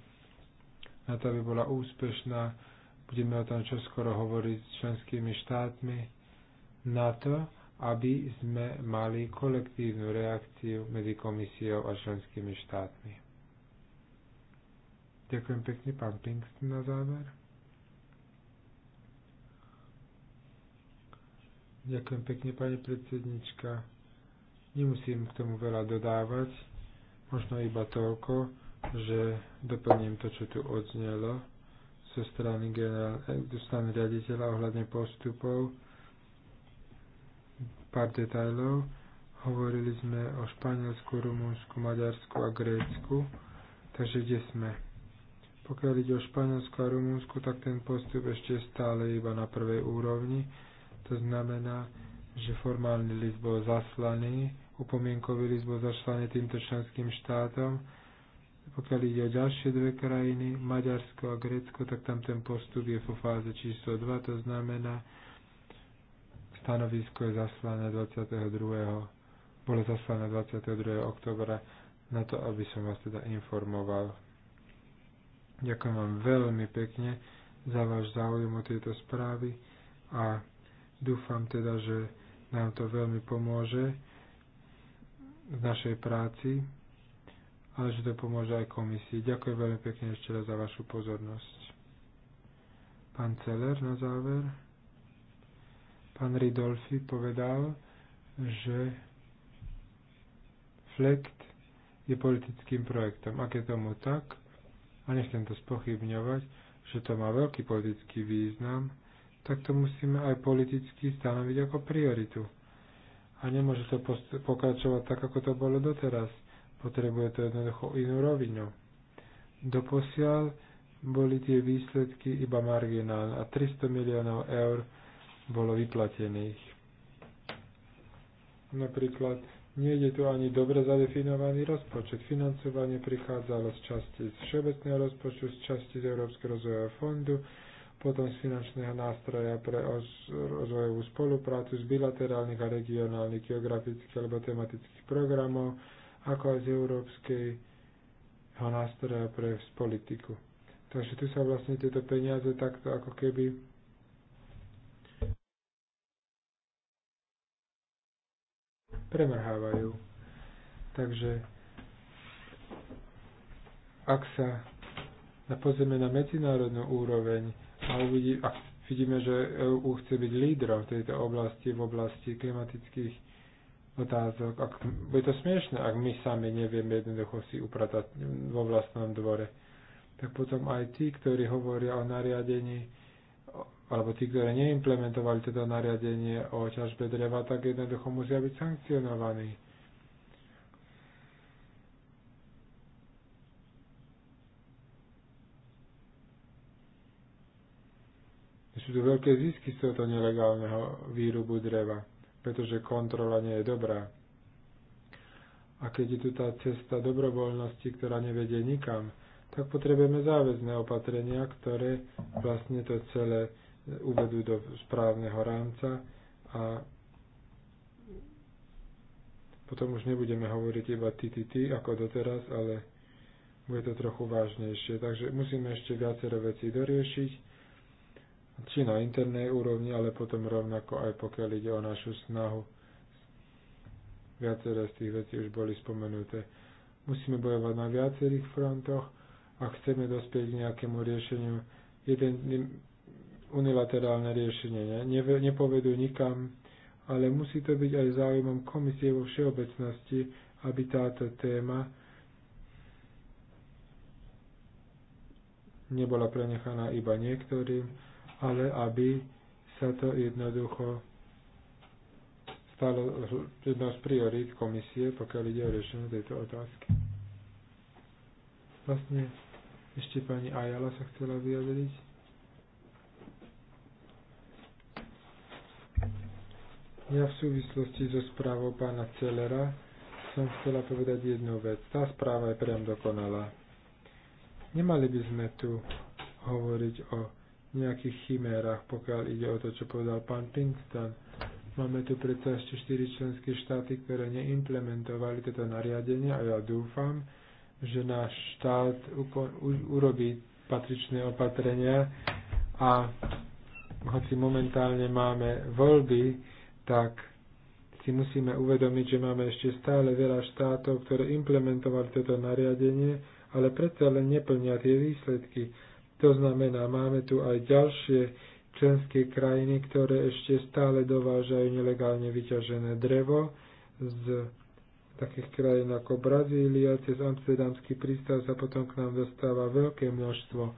na to, aby bola úspešná, budeme o tom čoskoro hovoriť s členskými štátmi, na to, aby sme mali kolektívnu reakciu medzi komisiou a členskými štátmi. Ďakujem pekne, pán Pinkston, na záver. Ďakujem pekne, pani predsednička. Nemusím k tomu veľa dodávať Možno iba toľko, že doplním to, čo tu odznelo zo strany, generál, eh, zo strany riaditeľa ohľadne postupov. Pár detajlov. Hovorili sme o Španielsku, Rumunsku, Maďarsku a Grécku. Takže kde sme? Pokiaľ ide o Španielsku a Rumunsku, tak ten postup ešte stále iba na prvej úrovni. To znamená, že formálny list bol zaslaný upomienkový list bol zašlaný týmto členským štátom. Pokiaľ ide o ďalšie dve krajiny, Maďarsko a Grécko, tak tam ten postup je po fáze číslo 2, to znamená, stanovisko je zaslané 22. bolo zaslané 22. oktobra na to, aby som vás teda informoval. Ďakujem vám veľmi pekne za váš záujem o tejto správy a dúfam teda, že nám to veľmi pomôže v našej práci, ale že to pomôže aj komisii. Ďakujem veľmi pekne ešte raz za vašu pozornosť. Pán Celer na záver. Pán Ridolfi povedal, že FLECT je politickým projektom. Ak je tomu tak, a nechcem to spochybňovať, že to má veľký politický význam, tak to musíme aj politicky stanoviť ako prioritu a nemôže to pokračovať tak, ako to bolo doteraz. Potrebuje to jednoducho inú rovinu. Doposiaľ boli tie výsledky iba marginálne a 300 miliónov eur bolo vyplatených. Napríklad nie je tu ani dobre zadefinovaný rozpočet. Financovanie prichádzalo z časti z všeobecného rozpočtu, z časti z Európskeho rozvojového fondu, potom z finančného nástroja pre rozvojovú spoluprácu z bilaterálnych a regionálnych geografických alebo tematických programov, ako aj z európskeho nástroja pre politiku. Takže tu sa vlastne tieto peniaze takto ako keby premrhávajú. Takže ak sa pozrieme na medzinárodnú úroveň, a uvidí, ak vidíme, že EU chce byť lídrom v tejto oblasti, v oblasti klimatických otázok. Ak, bude to smiešne, ak my sami nevieme jednoducho si upratať vo vlastnom dvore. Tak potom aj tí, ktorí hovoria o nariadení, alebo tí, ktorí neimplementovali toto nariadenie o ťažbe dreva, tak jednoducho musia byť sankcionovaní. sú tu veľké zisky z tohoto nelegálneho výrubu dreva, pretože kontrola nie je dobrá. A keď je tu tá cesta dobrovoľnosti, ktorá nevedie nikam, tak potrebujeme záväzné opatrenia, ktoré vlastne to celé uvedú do správneho rámca a potom už nebudeme hovoriť iba ty, ty, ty, ako doteraz, ale bude to trochu vážnejšie. Takže musíme ešte viacero vecí doriešiť či na internej úrovni, ale potom rovnako aj pokiaľ ide o našu snahu. Viaceré z tých vecí už boli spomenuté. Musíme bojovať na viacerých frontoch a chceme dospieť k nejakému riešeniu. Jeden unilaterálne riešenie ne, nepovedú nikam, ale musí to byť aj záujmom komisie vo všeobecnosti, aby táto téma nebola prenechaná iba niektorým, ale aby sa to jednoducho stalo jednou z priorít komisie, pokiaľ ide o riešenie tejto otázky. Vlastne ešte pani Ajala sa chcela vyjadriť. Ja v súvislosti so správou pána Celera som chcela povedať jednu vec. Tá správa je priam dokonalá. Nemali by sme tu hovoriť o nejakých chimérach, pokiaľ ide o to, čo povedal pán Pinkston. Máme tu predsa ešte 4 členské štáty, ktoré neimplementovali toto nariadenie a ja dúfam, že náš štát urobí patričné opatrenia a hoci momentálne máme voľby, tak si musíme uvedomiť, že máme ešte stále veľa štátov, ktoré implementovali toto nariadenie, ale predsa len neplnia tie výsledky to znamená, máme tu aj ďalšie členské krajiny, ktoré ešte stále dovážajú nelegálne vyťažené drevo z takých krajín ako Brazília, cez Amsterdamský prístav sa potom k nám dostáva veľké množstvo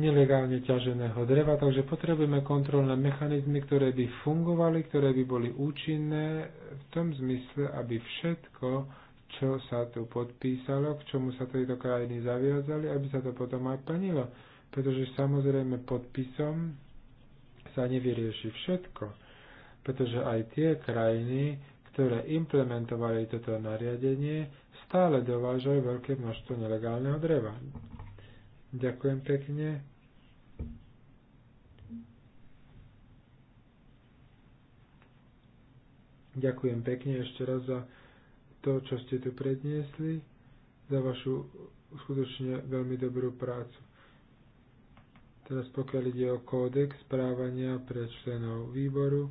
nelegálne ťaženého dreva, takže potrebujeme kontrolné mechanizmy, ktoré by fungovali, ktoré by boli účinné v tom zmysle, aby všetko, čo sa tu podpísalo, k čomu sa tejto krajiny zaviazali, aby sa to potom aj plnilo. Pretože samozrejme podpisom sa nevyrieši všetko. Pretože aj tie krajiny, ktoré implementovali toto nariadenie, stále dovážajú veľké množstvo nelegálneho dreva. Ďakujem pekne. Ďakujem pekne ešte raz za to, čo ste tu predniesli, za vašu skutočne veľmi dobrú prácu. Teraz pokiaľ ide o kódex správania pre členov výboru,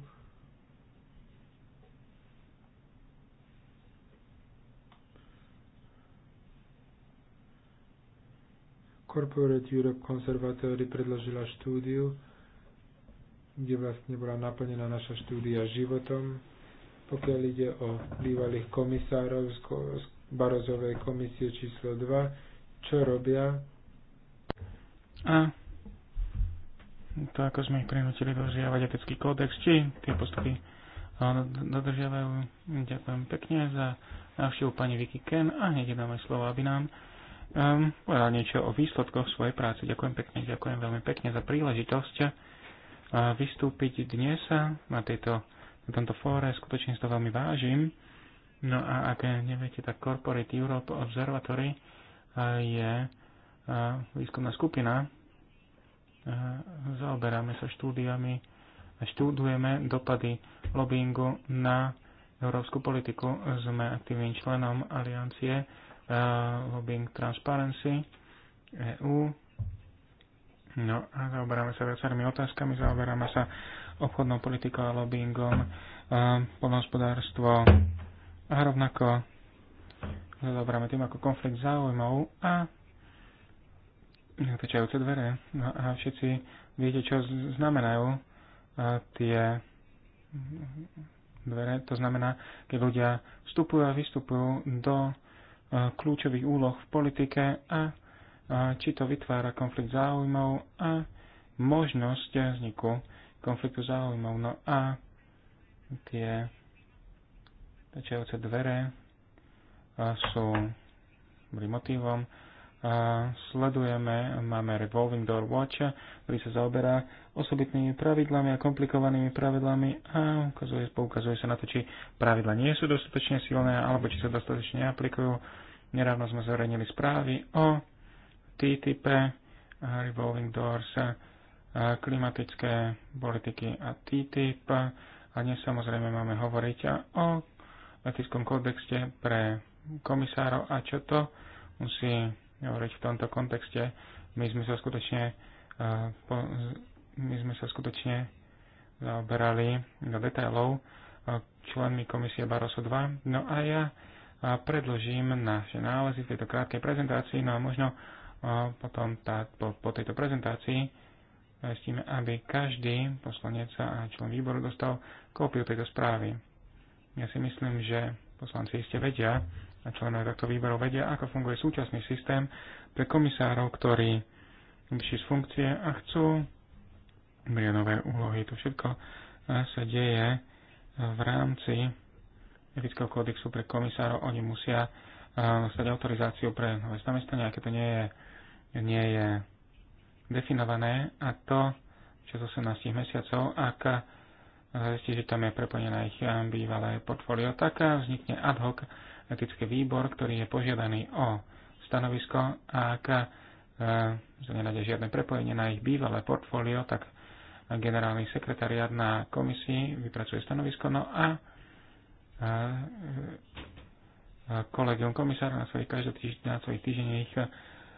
Corporate Europe Conservatory predložila štúdiu, kde vlastne bola naplnená naša štúdia životom pokiaľ ide o bývalých komisárov z Barozovej komisie číslo 2, čo robia? A to, ako sme ich prinútili dodržiavať etický kódex, či tie postupy no, dodržiavajú. Ďakujem pekne za návštevu pani Vicky Ken a hneď dáme slovo, aby nám um, povedal niečo o výsledkoch svojej práce. Ďakujem pekne, ďakujem veľmi pekne za príležitosť vystúpiť dnes na tejto na tomto fóre, skutočne si to veľmi vážim. No a ak neviete, tak Corporate Europe Observatory je výskumná skupina. Zaoberáme sa štúdiami a štúdujeme dopady lobbyingu na európsku politiku. Sme aktívnym členom aliancie Lobbying Transparency EU. No a zaoberáme sa viacerými otázkami, zaoberáme sa obchodnou politikou a lobbyingom, eh, poľnohospodárstvo a rovnako zaoberáme tým ako konflikt záujmov a vytečajúce dvere. No a všetci viete, čo znamenajú eh, tie dvere. To znamená, keď ľudia vstupujú a vystupujú do eh, kľúčových úloh v politike a či to vytvára konflikt záujmov a možnosť vzniku konfliktu záujmov. No a tie pečajúce dvere sú dobrým motivom. Sledujeme, máme Revolving Door Watch, ktorý sa zaoberá osobitnými pravidlami a komplikovanými pravidlami a ukazuje, poukazuje sa na to, či pravidla nie sú dostatočne silné alebo či sa dostatočne neaplikujú. Nerávno sme zverejnili správy o TTP, Revolving Doors, klimatické politiky a TTIP. A dnes samozrejme máme hovoriť o etickom kódexte pre komisárov a čo to musí hovoriť v tomto kontexte. My sme sa skutočne e, my sme sa skutočne zaoberali do detailov e, členmi komisie Baroso 2. No a ja e, predložím naše nálezy v tejto krátkej prezentácii, no a možno potom tá, po, po tejto prezentácii Zistíme, aby každý poslanec a člen výboru dostal kópiu tejto správy. Ja si myslím, že poslanci iste vedia, a členovia takto výborov vedia, ako funguje súčasný systém pre komisárov, ktorí vyšší z funkcie a chcú brie nové úlohy. To všetko sa deje v rámci etického kódexu pre komisárov. Oni musia eh, dostať autorizáciu pre nové zamestnanie, aké to nie je, nie je definované a to, čo z 18 mesiacov, ak zistí, že tam je preplnené na ich eh, bývalé portfólio, tak eh, vznikne ad hoc etický výbor, ktorý je požiadaný o stanovisko a ak eh, sa nenájde žiadne prepojenie na ich bývalé portfólio, tak generálny sekretariat na komisii vypracuje stanovisko, no a kolegium komisára na svojich každotýždňových týždňových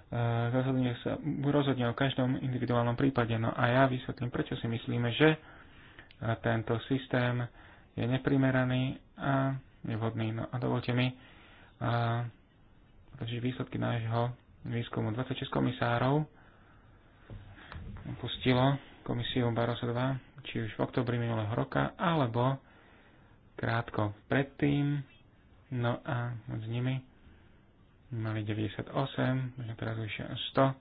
Eh, rozhodne sa rozhodne o každom individuálnom prípade. No a ja vysvetlím, prečo si myslíme, že eh, tento systém je neprimeraný a nevhodný. No a dovolte mi, a, eh, pretože výsledky nášho výskumu 26 komisárov pustilo komisiu Barosa 2, či už v oktobri minulého roka, alebo krátko predtým, no a s nimi mali 98, možno teraz už 100,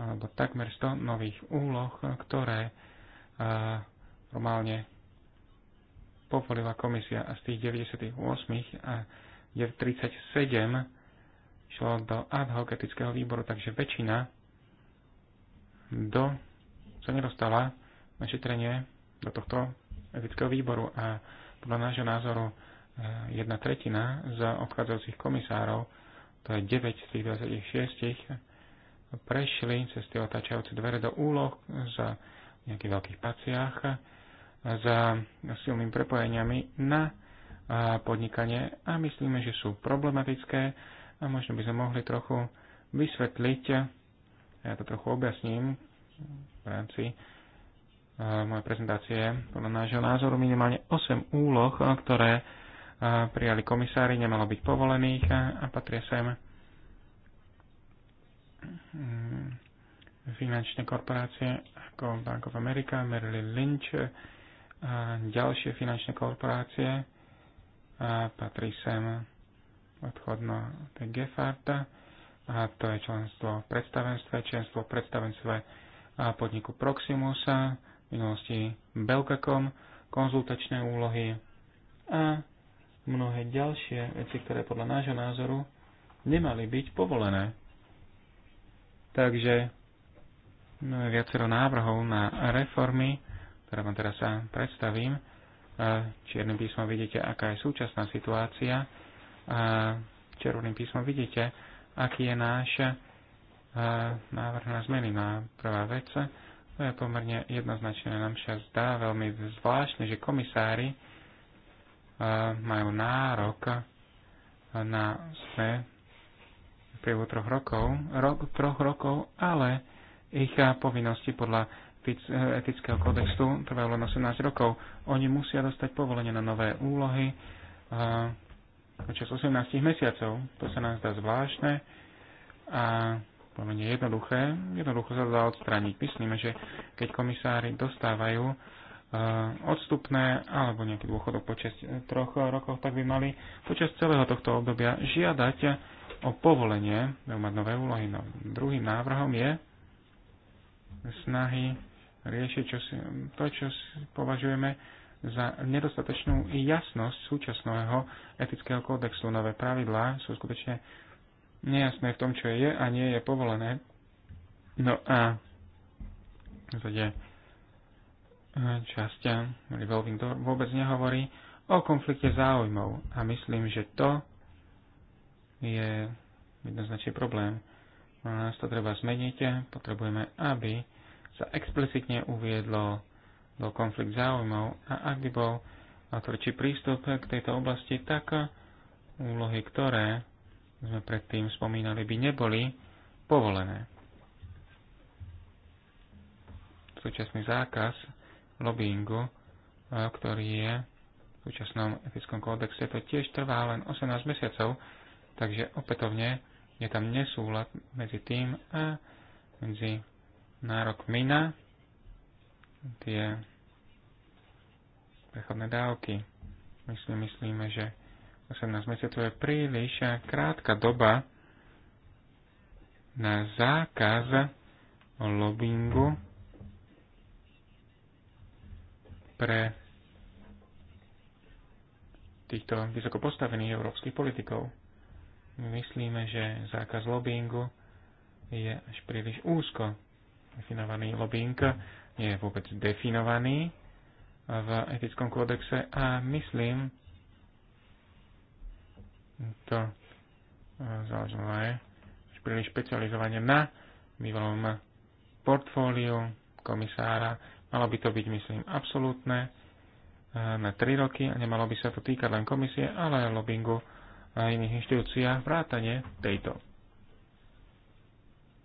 alebo takmer 100 nových úloh, ktoré a, e, normálne povolila komisia a z tých 98 a 37 šlo do ad hoc etického výboru, takže väčšina do, sa nedostala na šetrenie do tohto etického výboru a podľa nášho názoru e, jedna tretina z obchádzajúcich komisárov to je 9 z tých 26, prešli cez tie otáčajúce dvere do úloh za nejakých veľkých paciách za silnými prepojeniami na podnikanie a myslíme, že sú problematické a možno by sme mohli trochu vysvetliť, ja to trochu objasním v rámci mojej prezentácie, podľa nášho názoru minimálne 8 úloh, ktoré prijali komisári, nemalo byť povolených a, a patria sem mm, finančné korporácie ako Bank of America, Merrill Lynch a ďalšie finančné korporácie a patrí sem odchodno Gefarta a to je členstvo v predstavenstve, členstvo v predstavenstve podniku Proximusa, v minulosti belkakom konzultačné úlohy a mnohé ďalšie veci, ktoré podľa nášho názoru nemali byť povolené. Takže no, je viacero návrhov na reformy, ktoré vám teraz sa predstavím. Čiernym písmom vidíte, aká je súčasná situácia. A červeným písmom vidíte, aký je náš návrh na zmeny. Na no prvá vec, to je pomerne jednoznačné. Nám sa zdá veľmi zvláštne, že komisári majú nárok na SPE v troch rokov, rok, troch rokov, ale ich povinnosti podľa etického kodextu trvajú len 18 rokov. Oni musia dostať povolenie na nové úlohy počas 18 mesiacov. To sa nám zdá zvláštne a pomene jednoduché. Jednoducho sa dá odstrániť. Myslíme, že keď komisári dostávajú Eh, odstupné alebo nejaký dôchodok počas eh, troch rokov, tak by mali počas celého tohto obdobia žiadať o povolenie, majú mať nové úlohy. No, druhým návrhom je snahy riešiť čo si, to, čo si považujeme za nedostatočnú jasnosť súčasného etického kódexu. Nové pravidlá sú skutočne nejasné v tom, čo je a nie je povolené. No a v časťa revolving door vôbec nehovorí o konflikte záujmov a myslím, že to je jednoznačne problém. Nás to treba zmeniť, potrebujeme, aby sa explicitne uviedlo do konflikt záujmov a ak by bol tvrdší prístup k tejto oblasti, tak úlohy, ktoré sme predtým spomínali, by neboli povolené. Súčasný zákaz lobbyingu, e, ktorý je v súčasnom etickom kódexe. To tiež trvá len 18 mesiacov, takže opätovne je tam nesúlad medzi tým a medzi nárok mina, tie prechodné dávky. My si myslíme, že 18 mesiacov je príliš krátka doba na zákaz lobbingu pre týchto vysoko postavených európskych politikov. My Myslíme, že zákaz lobbyingu je až príliš úzko definovaný. Lobbying nie je vôbec definovaný v etickom kódexe a myslím, to e, založené až príliš špecializovanie na bývalom portfóliu komisára Malo by to byť, myslím, absolútne eh, na 3 roky a nemalo by sa to týkať len komisie, ale aj lobbingu a iných inštitúciách vrátane tejto.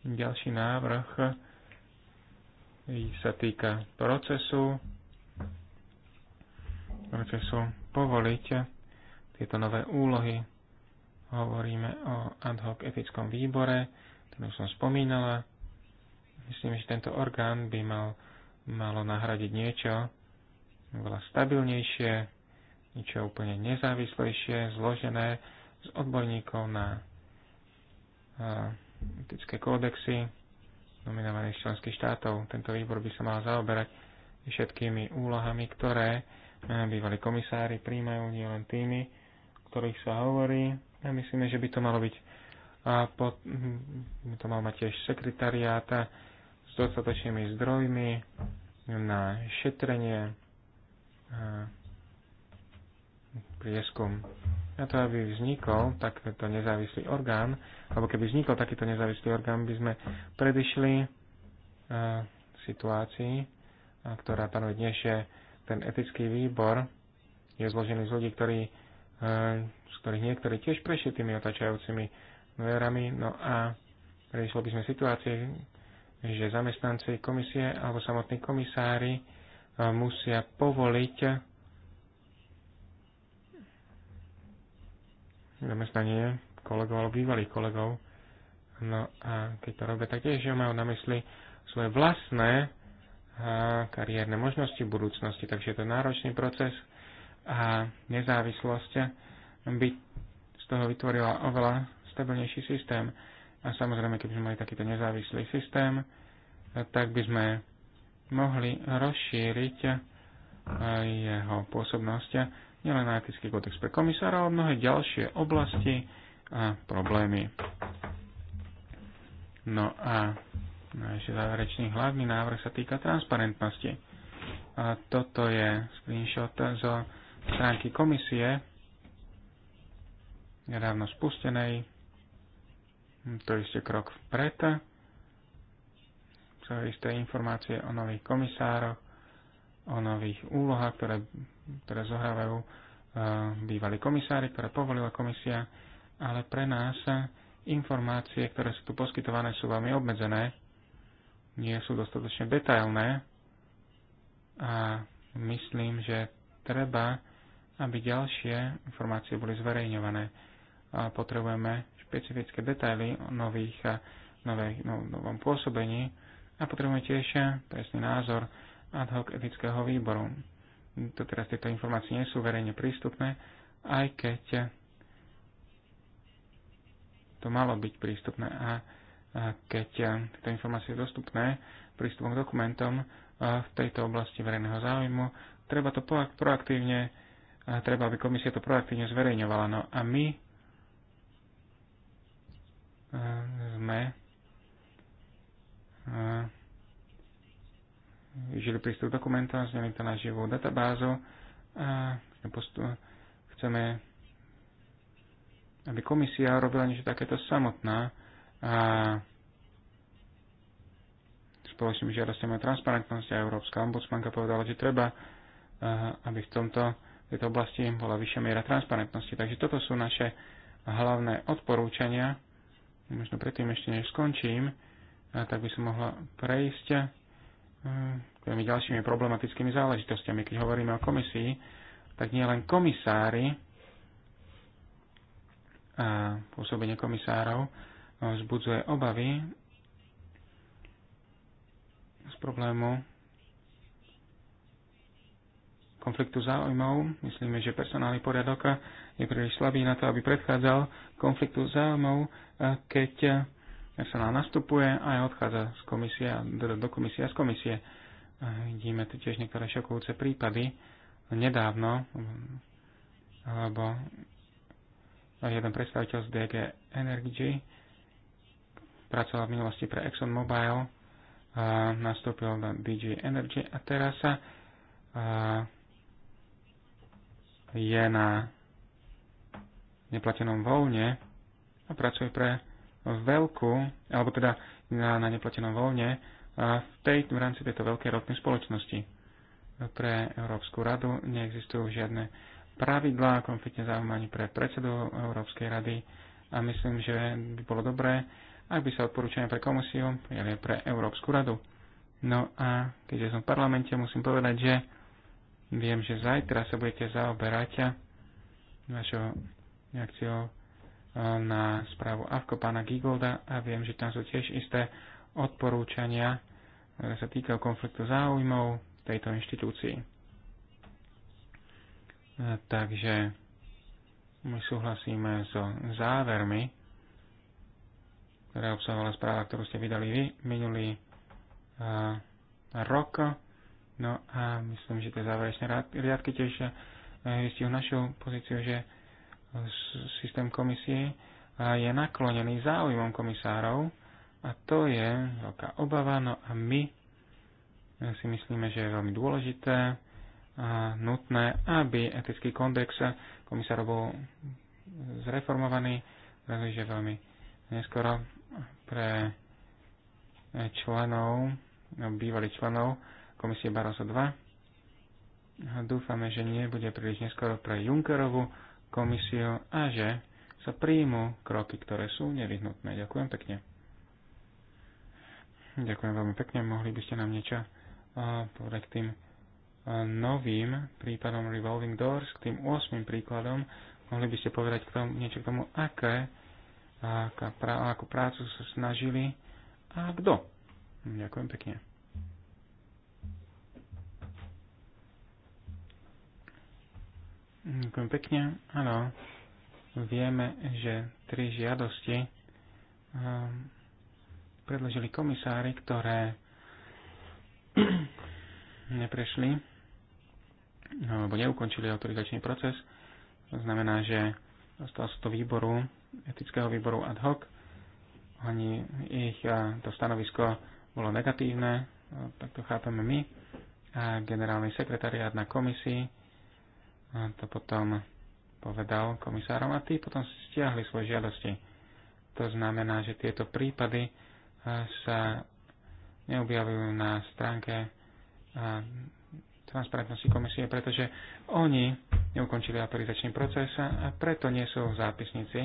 Ďalší návrh eh, sa týka procesu, procesu povoliť tieto nové úlohy. Hovoríme o ad hoc etickom výbore, ten som spomínala. Myslím, že tento orgán by mal malo nahradiť niečo veľa stabilnejšie, niečo úplne nezávislejšie, zložené z odborníkov na etické kódexy nominovaných členských štátov. Tento výbor by sa mal zaoberať všetkými úlohami, ktoré bývalí komisári príjmajú, nielen tými, o ktorých sa hovorí. Ja myslíme, že by to malo byť a pod, to mal mať tiež sekretariáta, s dostatočnými zdrojmi na šetrenie, prieskum. Na to, aby vznikol takýto nezávislý orgán, alebo keby vznikol takýto nezávislý orgán, by sme predišli e, situácii, ktorá panuje dnešie. Ten etický výbor je zložený z ľudí, ktorí, e, z ktorých niektorí tiež prešli tými otačajúcimi dverami, no a predišlo by sme situácie, že zamestnanci komisie alebo samotní komisári e, musia povoliť zamestnanie kolegov alebo bývalých kolegov. No a keď to robia tak tiež, že majú na mysli svoje vlastné kariérne možnosti v budúcnosti, takže je to náročný proces a nezávislosť by z toho vytvorila oveľa stabilnejší systém. A samozrejme, keby sme mali takýto nezávislý systém, tak by sme mohli rozšíriť eh, jeho pôsobnosť eh, nielen na etický kódex pre komisára, ale mnohé ďalšie oblasti a problémy. No a ešte záverečný hlavný návrh sa týka transparentnosti. A toto je screenshot zo stránky komisie, nedávno spustenej. Hm, to isté krok vpred, to isté informácie o nových komisároch, o nových úlohách, ktoré, ktoré zohrávajú uh, bývalí komisári, ktoré povolila komisia, ale pre nás informácie, ktoré sú tu poskytované, sú veľmi obmedzené, nie sú dostatočne detailné a myslím, že treba, aby ďalšie informácie boli zverejňované. A potrebujeme špecifické detaily o nových, eh, nové, no, novom pôsobení a potrebujeme tiež eh, presný názor ad hoc etického výboru. To teraz tieto informácie nie sú verejne prístupné, aj keď eh, to malo byť prístupné a, a keď tieto informácie sú dostupné prístupom k dokumentom v tejto oblasti verejného záujmu, treba to proaktívne, treba, aby komisia to proaktívne zverejňovala. No a my sme využili e, prístup dokumentov, zmeli to na živú databázu a chceme, aby komisia robila niečo takéto samotná a spoločným žiadostiami o transparentnosť a Európska ombudsmanka povedala, že treba, e, aby v tomto v tejto oblasti bola vyššia miera transparentnosti. Takže toto sú naše hlavné odporúčania možno predtým ešte než skončím, tak by som mohla prejsť tými ďalšími problematickými záležitostiami. Keď hovoríme o komisii, tak nie len komisári a pôsobenie komisárov vzbudzuje obavy z problému konfliktu záujmov. Myslíme, že personálny poriadok je príliš slabý na to, aby predchádzal konfliktu záujmov, keď sa nám nastupuje a aj odchádza z komisie, do, do komisie a z komisie. Vidíme tu tiež niektoré šokujúce prípady nedávno, alebo jeden predstaviteľ z DG Energy pracoval v minulosti pre ExxonMobil, nastúpil do DG Energy a teraz sa je na neplatenom voľne a pracuje pre veľkú, alebo teda na, na neplatenom voľne a v, tej, v rámci tejto veľkej ropnej spoločnosti. Pre Európsku radu neexistujú žiadne pravidlá a konfliktne zaujímaní pre predsedu Európskej rady a myslím, že by bolo dobré, ak by sa odporúčania pre komisiu prijali pre Európsku radu. No a keďže som v parlamente, musím povedať, že viem, že zajtra sa budete zaoberať vašou reakciou e, na správu Avko pána Gigolda a viem, že tam sú tiež isté odporúčania, ktoré sa týkajú konfliktu záujmov tejto inštitúcii. E, takže my súhlasíme so závermi, ktoré obsahovala správa, ktorú ste vydali vy minulý e, rok. No a myslím, že tie záverečné riadky tiež vystihujú našu pozíciu, že systém komisie je naklonený záujmom komisárov a to je veľká obava. No a my si myslíme, že je veľmi dôležité a nutné, aby etický kódex komisárov bol zreformovaný, pretože veľmi neskoro pre členov, bývalých členov komisie Barroso 2. Dúfame, že nie bude príliš neskoro pre Junkerovu komisiou a že sa príjmu kroky, ktoré sú nevyhnutné. Ďakujem pekne. Ďakujem veľmi pekne. Mohli by ste nám niečo povedať k tým novým prípadom Revolving Doors, k tým 8 príkladom. Mohli by ste povedať k tomu, niečo k tomu, aké, aká, akú prácu sa snažili a kto. Ďakujem pekne. Ďakujem pekne. Áno, vieme, že tri žiadosti ehm, predložili komisári, ktoré neprešli alebo neukončili autorizačný proces. To znamená, že dostal sa to výboru, etického výboru ad hoc. Oni, ich to stanovisko bolo negatívne, tak to chápeme my. A generálny sekretariát na komisii to potom povedal komisárom a tí potom stiahli svoje žiadosti. To znamená, že tieto prípady eh, sa neobjavujú na stránke eh, transparentnosti komisie, pretože oni neukončili autorizačný proces a preto nie sú v zápisnici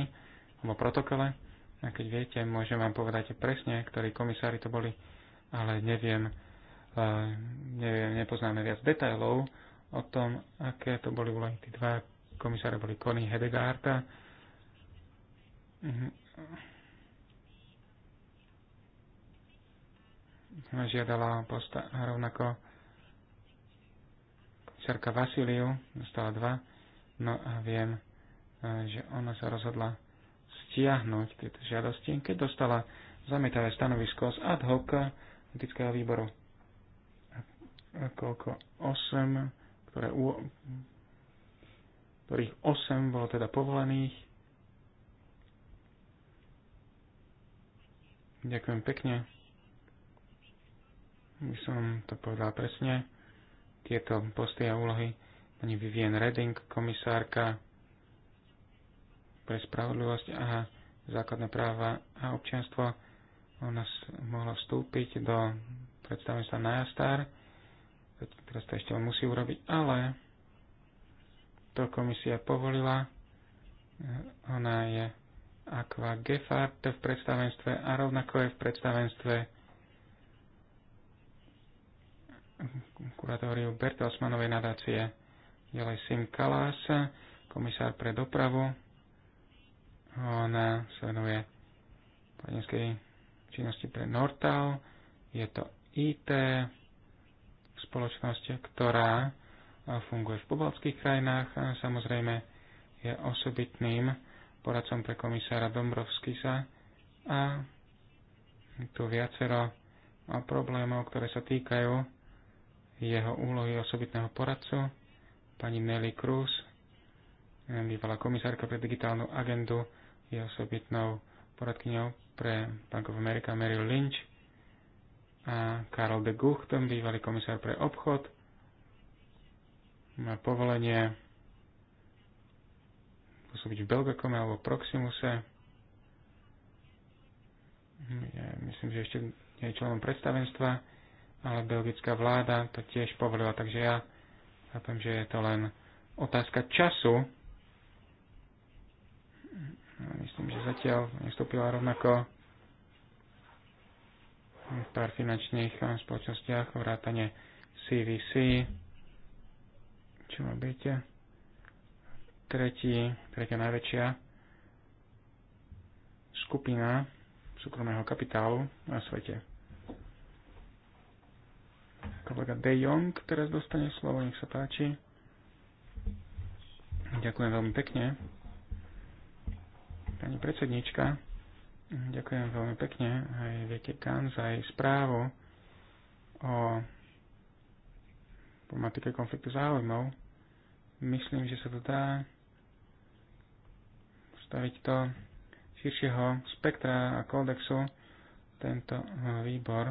alebo protokole. A keď viete, môžem vám povedať presne, ktorí komisári to boli, ale neviem, eh, neviem nepoznáme viac detajlov, o tom, aké to boli úlohy. Tí dva komisáre boli Connie Hedegaarta. Mhm. Žiadala posta rovnako komisárka Vasiliu, dostala dva. No a viem, že ona sa rozhodla stiahnuť tieto žiadosti, keď dostala zamietavé stanovisko z ad hoc etického výboru. Koľko? 8 ktoré u, ktorých 8 bolo teda povolených. Ďakujem pekne. By som to povedal presne. Tieto posty a úlohy pani Vivien Redding, komisárka pre spravodlivosť a základné práva a občianstvo, ona mohla vstúpiť do predstavenstva Najastar teraz to ešte musí urobiť, ale to komisia povolila. Ona je Aqua Gefart v predstavenstve a rovnako je v predstavenstve kuratóriu Bertelsmanovej nadácie ďalej Sim Kalas, komisár pre dopravu. Ona sa venuje činnosti pre Nortal. Je to IT, spoločnosť, ktorá eh, funguje v pobaltských krajinách. Samozrejme je osobitným poradcom pre komisára Dombrovskisa a tu viacero eh, problémov, ktoré sa týkajú jeho úlohy osobitného poradcu, pani Nelly Cruz, eh, bývalá komisárka pre digitálnu agendu, je osobitnou poradkyňou pre Bank of America Merrill Lynch, a Karol de Gucht, bývalý komisár pre obchod, má povolenie pôsobiť v Belgakome alebo Proximuse. Ja myslím, že ešte nie je členom predstavenstva, ale belgická vláda to tiež povolila, takže ja chápem, že je to len otázka času. No, myslím, že zatiaľ nestúpila rovnako v pár finančných eh, spoločnostiach, vrátane CVC, čo má byť eh, tretí, tretia najväčšia skupina súkromného kapitálu na svete. Kolega De Jong teraz dostane slovo, nech sa páči. Ďakujem veľmi pekne. Pani predsednička, Ďakujem veľmi pekne aj Viete kam za jej správu o problematike konfliktu záujmov. Myslím, že sa to dá staviť to širšieho spektra a kódexu tento e, výbor.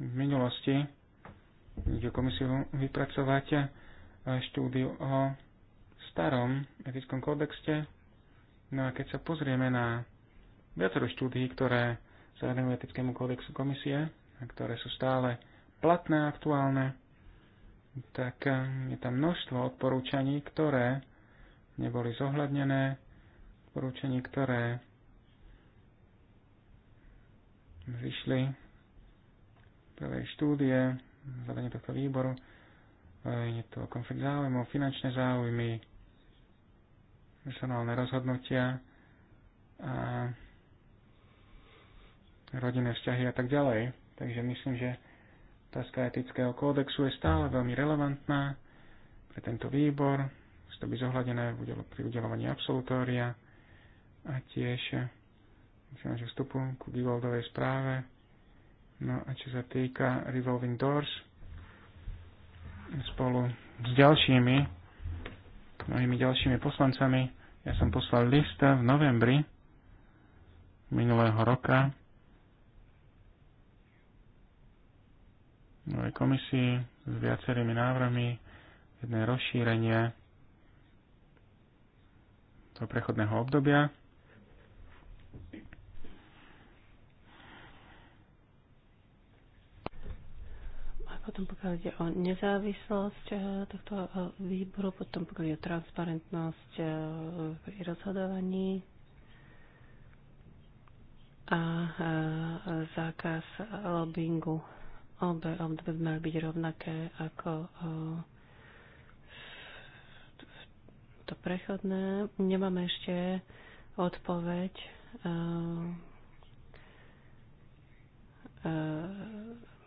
V minulosti ide komisiu vypracovať e, štúdiu o starom etickom kódexte. No a keď sa pozrieme na viacero štúdií, ktoré sa venujú etickému kódexu komisie, a ktoré sú stále platné a aktuálne, tak eh, je tam množstvo odporúčaní, ktoré neboli zohľadnené, odporúčaní, ktoré vyšli prvej štúdie, zadanie tohto výboru, eh, je to konflikt záujmov, finančné záujmy, personálne rozhodnutia a rodinné vzťahy a tak ďalej. Takže myslím, že otázka etického kódexu je stále veľmi relevantná pre tento výbor. Musí to byť zohľadené pri udelovaní absolutória a tiež myslím, že vstupu ku Givoldovej správe. No a čo sa týka Revolving Doors, spolu s ďalšími mnohými ďalšími poslancami. Ja som poslal list v novembri minulého roka novej komisii s viacerými návrhmi, jedné rozšírenie toho prechodného obdobia. Potom pokiaľ ide o nezávislosť eh, tohto eh, výboru, potom pokiaľ ide o transparentnosť eh, pri rozhodovaní a zákaz lobbingu. Obe obdobie mali byť rovnaké ako to prechodné. Nemáme ešte odpoveď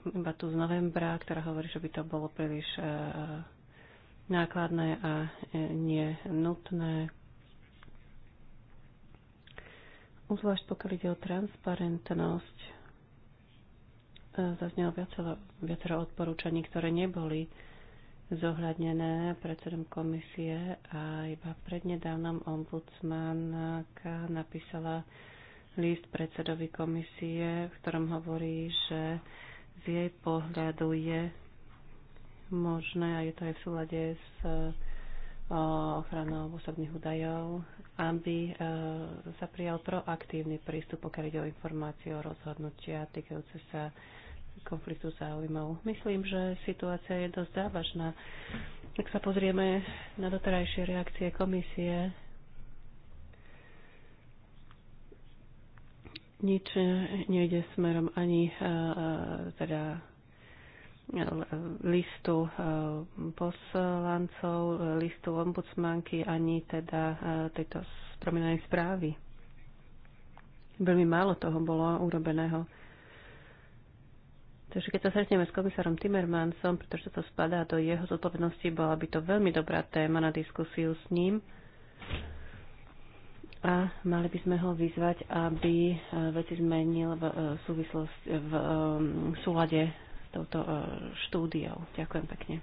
iba tu z novembra, ktorá hovorí, že by to bolo príliš e, e, nákladné a e, nie nutné. Uzvlášť pokiaľ ide o transparentnosť, zaznelo viacero, viacero odporúčaní, ktoré neboli zohľadnené predsedom komisie a iba prednedávnom ombudsmanka napísala list predsedovi komisie, v ktorom hovorí, že z jej pohľadu je možné a je to aj v súlade s e, ochranou osobných údajov, aby e, sa prijal proaktívny prístup, pokiaľ ide o informácie o rozhodnutia týkajúce sa konfliktu záujmov. Myslím, že situácia je dosť závažná. Ak sa pozrieme na doterajšie reakcie komisie, nič nejde smerom ani eh, eh, teda eh, listu poslancov, listu ombudsmanky, ani teda tejto spomínanej správy. Veľmi málo toho bolo urobeného. Takže keď sa stretneme s komisárom Timmermansom, pretože to spadá do jeho zodpovednosti, bola by to veľmi dobrá téma na diskusiu s ním a mali by sme ho vyzvať, aby e, veci zmenil v, e, súvislosti, v e, mm, súlade s touto štúdiou. Ďakujem pekne.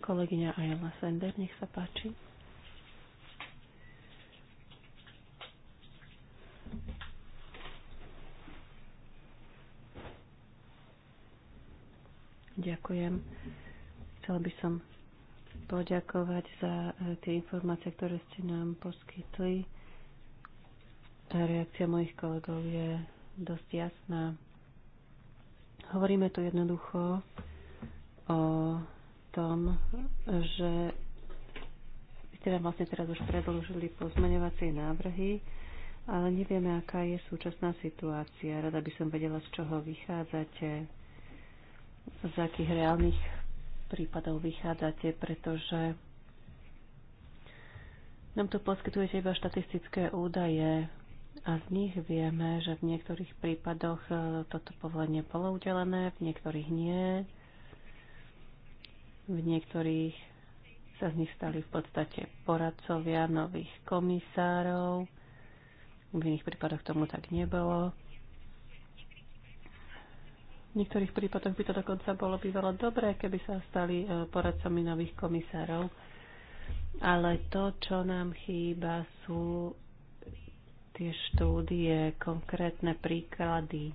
Kolegyňa Ayala Sender, nech sa páči. Ďakujem. Chcela by som poďakovať za e, tie informácie, ktoré ste nám poskytli. Reakcia mojich kolegov je dosť jasná. Hovoríme tu jednoducho o tom, že ste nám vlastne teraz už predložili pozmeňovacie návrhy, ale nevieme, aká je súčasná situácia. Rada by som vedela, z čoho vychádzate, z akých reálnych prípadov vychádzate, pretože nám tu poskytujete iba štatistické údaje a z nich vieme, že v niektorých prípadoch e, toto povolenie bolo udelené, v niektorých nie. V niektorých sa z nich stali v podstate poradcovia nových komisárov. V iných prípadoch tomu tak nebolo. V niektorých prípadoch by to dokonca bolo bývalo dobré, keby sa stali e, poradcami nových komisárov. Ale to, čo nám chýba, sú tie štúdie, konkrétne príklady.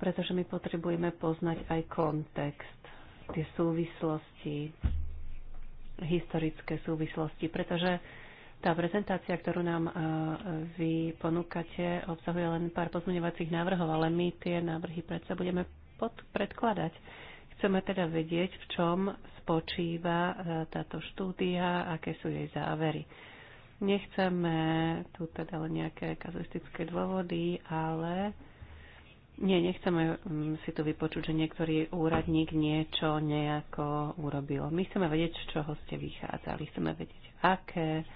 Pretože my potrebujeme poznať aj kontext, tie súvislosti, historické súvislosti, pretože tá prezentácia, ktorú nám e, vy ponúkate, obsahuje len pár pozmeňovacích návrhov, ale my tie návrhy predsa budeme pod, predkladať. Chceme teda vedieť, v čom spočíva e, táto štúdia, aké sú jej závery. Nechceme tu teda len nejaké kazuistické dôvody, ale nie, nechceme mm, si tu vypočuť, že niektorý úradník niečo nejako urobil. My chceme vedieť, z čoho ste vychádzali. Chceme vedieť, aké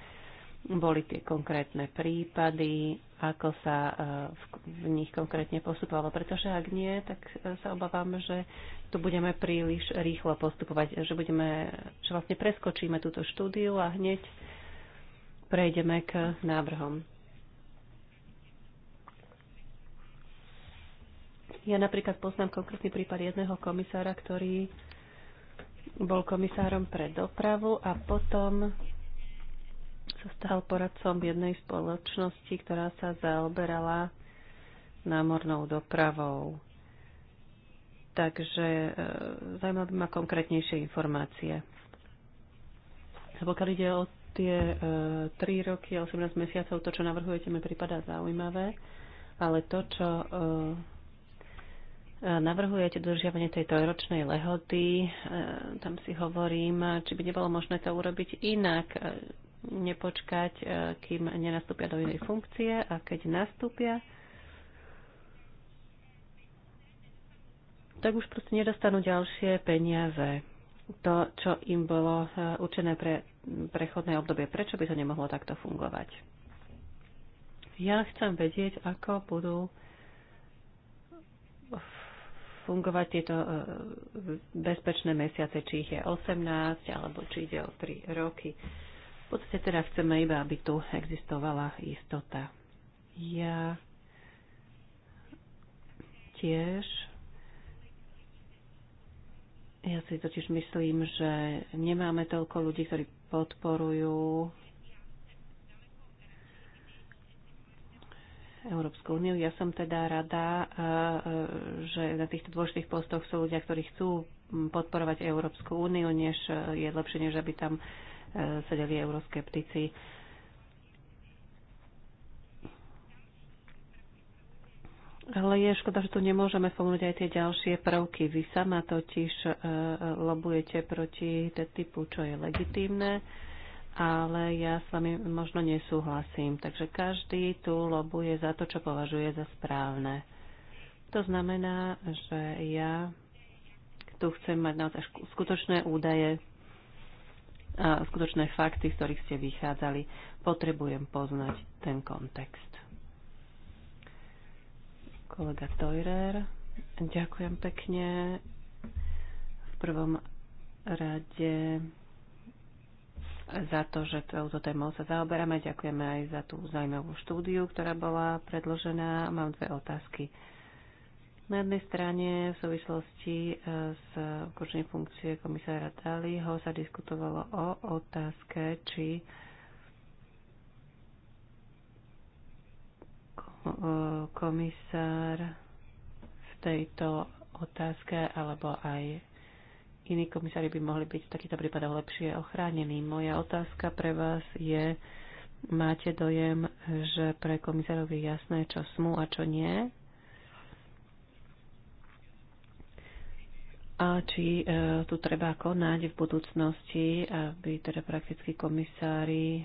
boli tie konkrétne prípady, ako sa e, v nich konkrétne postupovalo. Pretože ak nie, tak e, sa obávam, že tu budeme príliš rýchlo postupovať, že, budeme, že vlastne preskočíme túto štúdiu a hneď prejdeme k návrhom. Ja napríklad poznám konkrétny prípad jedného komisára, ktorý bol komisárom pre dopravu a potom sa stal poradcom jednej spoločnosti, ktorá sa zaoberala námornou dopravou. Takže e, zaujímavé ma konkrétnejšie informácie. Pokiaľ ide o tie e, 3 roky a 18 mesiacov, to, čo navrhujete, mi pripadá zaujímavé, ale to, čo e, e, navrhujete dodržiavanie tej trojročnej lehoty, e, tam si hovorím, či by nebolo možné to urobiť inak, nepočkať, e, kým nenastúpia do inej funkcie a keď nastúpia, tak už proste nedostanú ďalšie peniaze. To, čo im bolo e, určené pre prechodné obdobie. Prečo by to nemohlo takto fungovať? Ja chcem vedieť, ako budú fungovať tieto e, bezpečné mesiace, či ich je 18, alebo či ide o 3 roky. V podstate teraz chceme iba, aby tu existovala istota. Ja tiež ja si totiž myslím, že nemáme toľko ľudí, ktorí podporujú Európsku úniu. Ja som teda rada, e, e, že na týchto dôležitých postoch sú ľudia, ktorí chcú podporovať Európsku úniu, než e, je lepšie, než aby tam sedeli euroskeptici. Ale je škoda, že tu nemôžeme spomenúť aj tie ďalšie prvky. Vy sama totiž e, e, lobujete proti typu, čo je legitímne, ale ja s vami možno nesúhlasím. Takže každý tu lobuje za to, čo považuje za správne. To znamená, že ja tu chcem mať naozaj skutočné údaje a skutočné fakty, z ktorých ste vychádzali. Potrebujem poznať ten kontext. Kolega Teurer, ďakujem pekne. V prvom rade za to, že touto témou sa zaoberáme. Ďakujeme aj za tú zaujímavú štúdiu, ktorá bola predložená. Mám dve otázky. Na jednej strane v súvislosti e, s ukončením funkcie komisára Daliho sa diskutovalo o otázke, či e, komisár v tejto otázke alebo aj iní komisári by mohli byť v takýchto prípadoch lepšie ochránení. Moja otázka pre vás je, máte dojem, že pre komisárov je jasné, čo smú a čo nie? a či e, tu treba konať v budúcnosti, aby teda prakticky komisári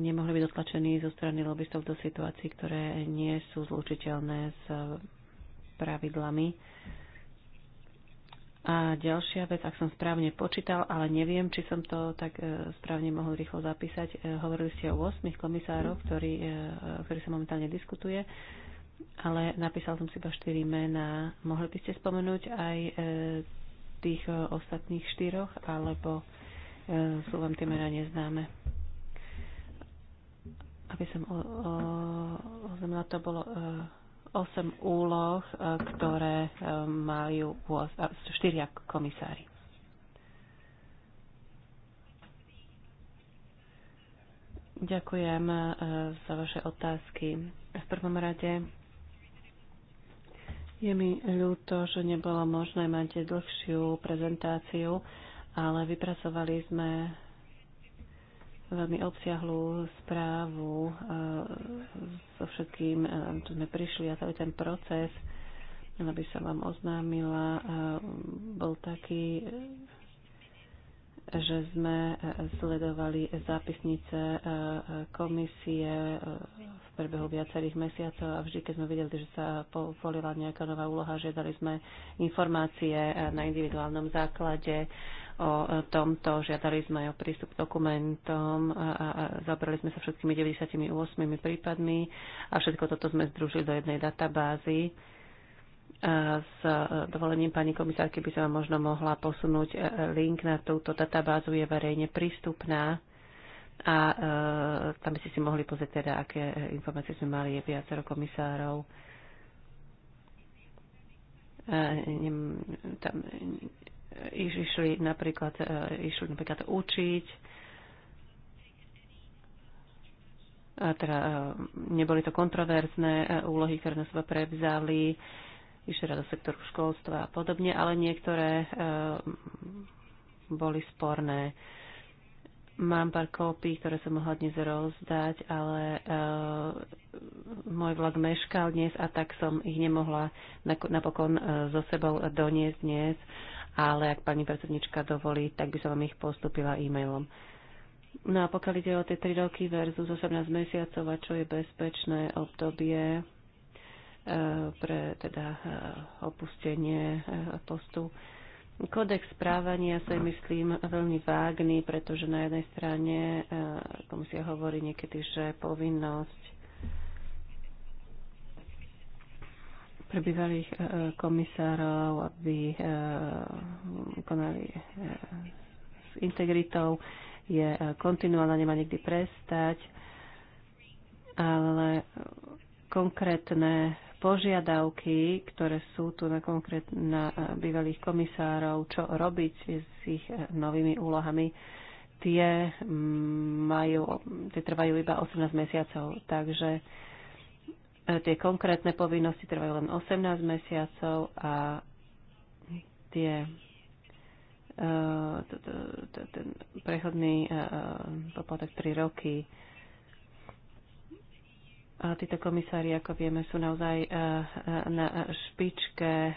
nemohli byť dotlačení zo strany lobbystov do situácií, ktoré nie sú zlučiteľné s pravidlami. A ďalšia vec, ak som správne počítal, ale neviem, či som to tak e, správne mohol rýchlo zapísať, e, hovorili ste o 8 komisároch, ktorí, ktorí sa momentálne diskutuje ale napísal som si iba 4 mená. Mohli by ste spomenúť aj e, tých e, ostatných štyroch, alebo e, sú vám tie mená neznáme? Aby som oznámila, to bolo 8 úloh, ktoré majú 4 komisári. Ďakujem za vaše otázky. V prvom rade je mi ľúto, že nebolo možné mať dlhšiu prezentáciu, ale vypracovali sme veľmi obsiahlú správu eh, so všetkým, čo eh, sme prišli a celý ten proces, aby som vám oznámila, eh, bol taký, že sme e, sledovali zápisnice e, e, komisie v priebehu viacerých mesiacov a vždy, keď sme videli, že sa povolila nejaká nová úloha, žiadali sme informácie na individuálnom základe o tomto, žiadali sme o prístup k dokumentom a zabrali sme sa všetkými 98 prípadmi a všetko toto sme združili do jednej databázy s e, dovolením pani komisárky by som vám možno mohla posunúť e, link na túto databázu, je verejne prístupná a e, tam by ste si mohli pozrieť teda, aké informácie sme mali, je viacero komisárov. Tam išli napríklad, išli napríklad učiť, teda neboli to kontroverzné úlohy, ktoré na seba prevzali išli do sektoru školstva a podobne, ale niektoré e, boli sporné. Mám pár kópí, ktoré som mohla dnes rozdať, ale e, môj vlak meškal dnes a tak som ich nemohla napokon e, so sebou doniesť dnes, ale ak pani predsednička dovolí, tak by som vám ich postupila e-mailom. No a pokiaľ ide o tie 3 roky versus 18 mesiacov a čo je bezpečné obdobie, E, pre teda e, opustenie e, postu. Kodex správania sa myslím, veľmi vágný, pretože na jednej strane komisia hovorí niekedy, že povinnosť pre bývalých komisárov, aby konali s integritou, je kontinuálna, nemá nikdy prestať, ale konkrétne požiadavky, ktoré sú tu na, konkrét, na e, bývalých komisárov, čo robiť s ich e, novými úlohami, tie, mm, majú, tie trvajú iba 18 mesiacov. Takže e, tie konkrétne povinnosti trvajú len 18 mesiacov a tie ten prechodný poplatok 3 roky Títo komisári, ako vieme, sú naozaj eh, eh, na špičke eh,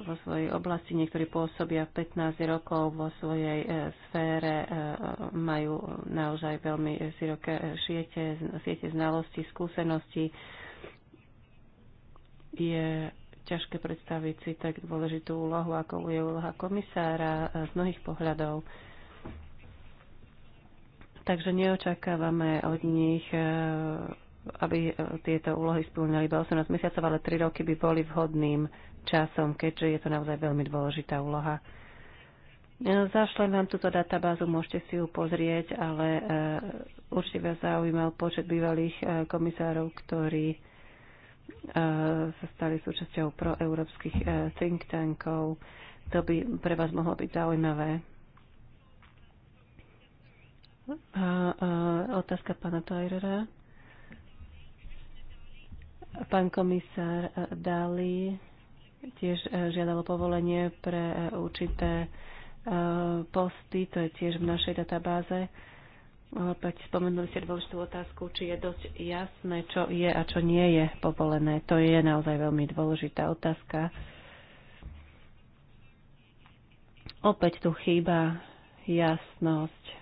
vo svojej oblasti. Niektorí pôsobia 15 rokov vo svojej sfére, majú naozaj veľmi široké šiete, siete znalosti, skúseností. Je ťažké predstaviť si tak dôležitú úlohu, ako je úloha komisára z mnohých pohľadov. Takže neočakávame od nich, e, aby e, tieto úlohy splňali iba 18 mesiacov, ale 3 roky by boli vhodným časom, keďže je to naozaj veľmi dôležitá úloha. E, zašlem vám túto databázu, môžete si ju pozrieť, ale určite vás zaujímal počet bývalých komisárov, ktorí sa stali súčasťou proeurópskych think tankov. To by pre vás mohlo byť zaujímavé. A, a otázka pána Toirera. Pán komisár Dali tiež e, žiadalo povolenie pre e, určité e, posty, to je tiež v našej databáze. Opäť spomenuli ste dôležitú otázku, či je dosť jasné, čo je a čo nie je povolené. To je naozaj veľmi dôležitá otázka. Opäť tu chýba jasnosť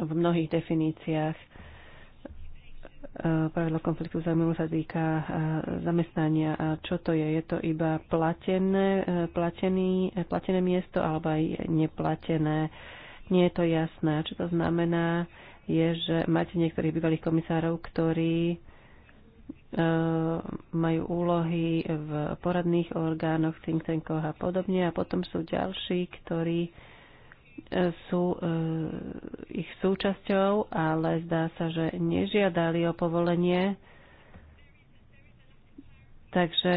v mnohých definíciách. E, pravidlo konfliktu zaujímavého sa týka e, zamestnania. A čo to je? Je to iba platené, e, platený, platené miesto alebo aj neplatené? Nie je to jasné. Čo to znamená, je, že máte niektorých bývalých komisárov, ktorí majú úlohy v poradných orgánoch, think tankoch a podobne. A potom sú ďalší, ktorí sú e, ich súčasťou, ale zdá sa, že nežiadali o povolenie. Takže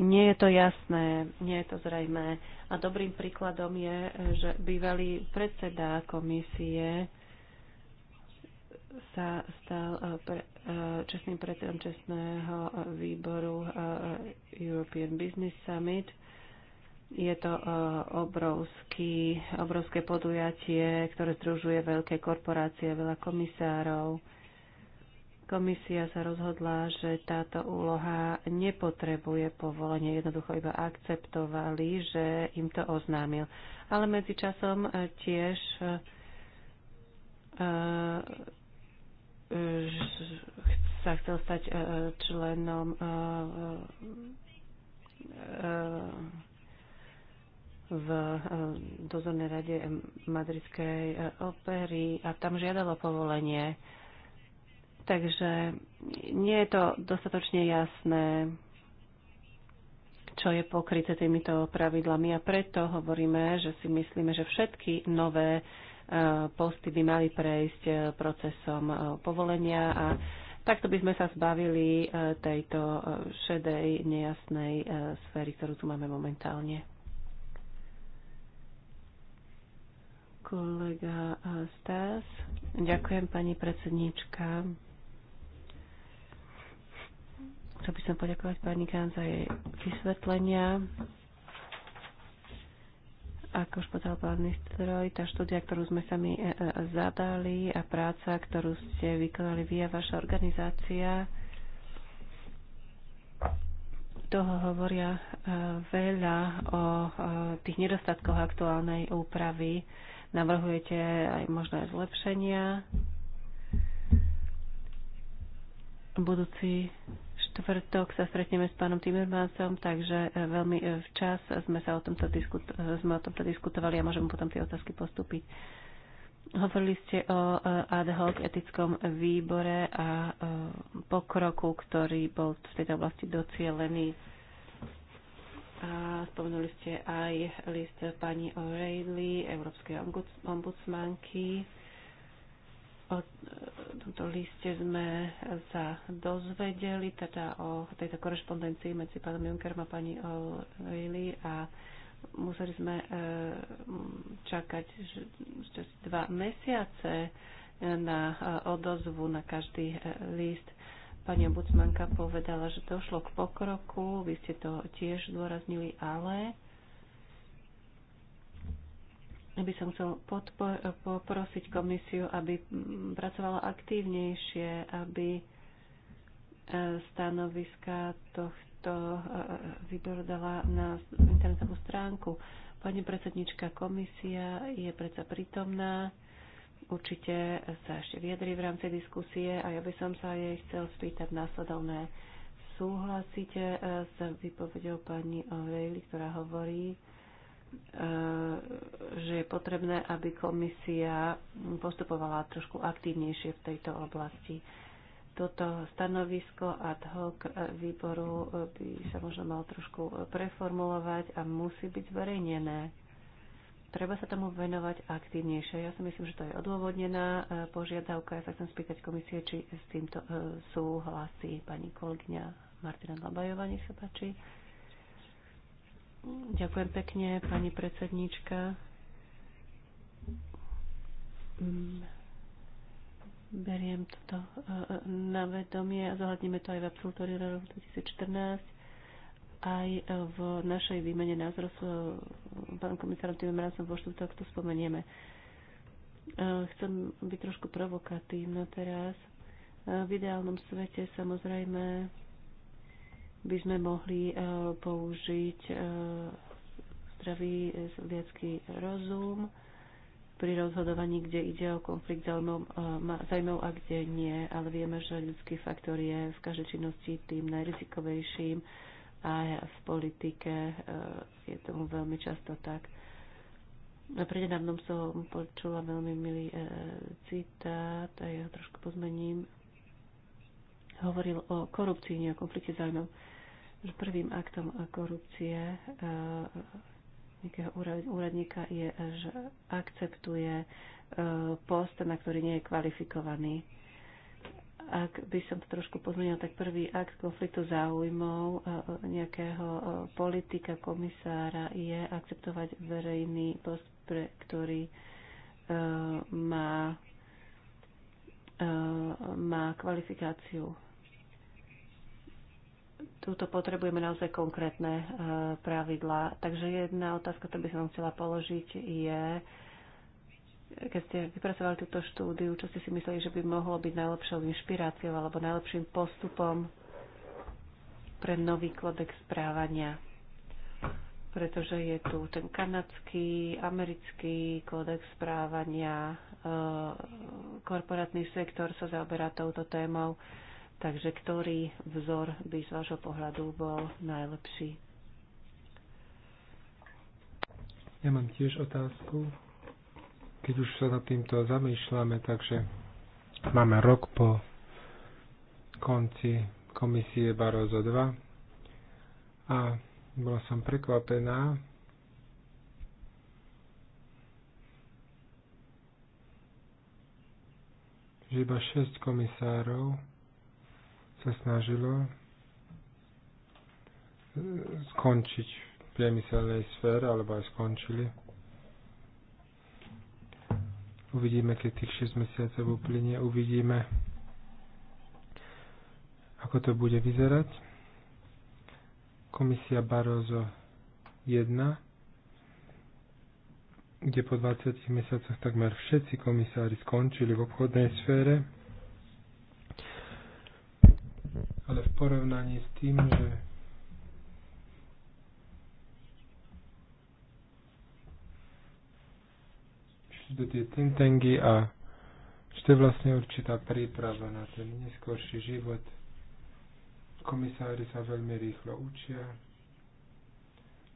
nie je to jasné, nie je to zrejmé. A dobrým príkladom je, že bývalý predseda komisie sa stal e, e, čestným predsedom čestného výboru European Business Summit je to e, obrovský, obrovské podujatie, ktoré združuje veľké korporácie, veľa komisárov. Komisia sa rozhodla, že táto úloha nepotrebuje povolenie, jednoducho iba akceptovali, že im to oznámil. Ale medzičasom e, tiež e, sa chcel stať členom v eh, dozornej rade madridskej eh, opery a tam žiadalo povolenie. Takže nie je to dostatočne jasné, čo je pokryté týmito pravidlami a preto hovoríme, že si myslíme, že všetky nové eh, posty by mali prejsť procesom povolenia a takto by sme sa zbavili tejto šedej, nejasnej sféry, ktorú tu máme momentálne. kolega eh, Stas. Ďakujem, pani predsedníčka. Chcel by som poďakovať pani Kán za jej vysvetlenia. Ako už povedal pán Nistroj, tá štúdia, ktorú sme sami eh, eh, zadali a práca, ktorú ste vykonali vy a vaša organizácia, toho hovoria veľa o tých nedostatkoch aktuálnej úpravy Navrhujete aj možné zlepšenia. Budúci štvrtok sa stretneme s pánom Timmermansom, takže e, veľmi e, včas sme, sa o tomto diskuto- sme o tomto diskutovali a môžeme potom tie otázky postúpiť. Hovorili ste o e, ad hoc etickom výbore a pokroku, ktorý bol v tejto oblasti docielený. A spomenuli ste aj list pani O'Reilly, Európskej ombudsmanky. O e, tomto liste sme sa dozvedeli, teda o tejto korešpondencii medzi pánom Junckerom a pani O'Reilly a museli sme e, čakať dva mesiace na e, odozvu na každý list. Pani obudsmanka povedala, že došlo k pokroku, vy ste to tiež zdôraznili, ale by som chcel poprosiť komisiu, aby mm, pracovala aktívnejšie, aby e, stanoviska tohto e, výboru dala na internetovú stránku. Pani predsednička komisia je predsa prítomná určite sa ešte vyjadri v rámci diskusie a ja by som sa jej chcel spýtať následovné. Súhlasíte e, s vypovedou pani O'Reilly, ktorá hovorí, e, že je potrebné, aby komisia postupovala trošku aktívnejšie v tejto oblasti. Toto stanovisko ad hoc e, výboru by sa možno malo trošku preformulovať a musí byť zverejnené Treba sa tomu venovať aktívnejšie. Ja si myslím, že to je odôvodnená e, požiadavka. Ja sa chcem spýtať komisie, či s týmto e, súhlasí pani kolegyňa Martina Labajová, nech sa páči. Ďakujem pekne, pani predsedníčka. Mm, beriem toto e, na vedomie a zohľadníme to aj v absolutóriu roku 2014 aj e, v našej výmene názorov s e, pán komisárom Timmermansom vo štútok to spomenieme. E, chcem byť trošku provokatívna teraz. V ideálnom svete samozrejme by sme mohli použiť zdravý zviacký rozum pri rozhodovaní, kde ide o konflikt zájmov a kde nie, ale vieme, že ľudský faktor je v každej činnosti tým najrizikovejším a v politike e, je tomu veľmi často tak. Prednedávnom som počula veľmi milý e, citát a ja ho trošku pozmením. Hovoril o korupcii, nie o konflikte zájmov. Prvým aktom korupcie e, nejakého úradníka je, že akceptuje post, na ktorý nie je kvalifikovaný ak by som to trošku pozmenila, tak prvý akt konfliktu záujmov e, e, nejakého e, politika, komisára je akceptovať verejný post, pre ktorý má, má kvalifikáciu Tuto potrebujeme naozaj konkrétne pravidlá. Takže jedna otázka, ktorú by som chcela položiť, je, keď ste vypracovali túto štúdiu, čo ste si mysleli, že by mohlo byť najlepšou inšpiráciou alebo najlepším postupom pre nový kodex správania? Pretože je tu ten kanadský, americký kódex správania, e, korporátny sektor sa zaoberá touto témou, takže ktorý vzor by z vášho pohľadu bol najlepší? Ja mám tiež otázku keď už sa nad týmto zamýšľame, takže máme rok po konci komisie Barozo 2 a bola som prekvapená, že iba 6 komisárov sa snažilo skončiť v priemyselnej sfére, alebo aj skončili Uvidíme, keď tých 6 mesiacov uplynie, uvidíme, ako to bude vyzerať. Komisia Barozo 1, kde po 20 mesiacoch takmer všetci komisári skončili v obchodnej sfére, ale v porovnaní s tým, že sú to tie tintengy a že to je vlastne určitá príprava na ten neskôrší život. Komisári sa veľmi rýchlo učia,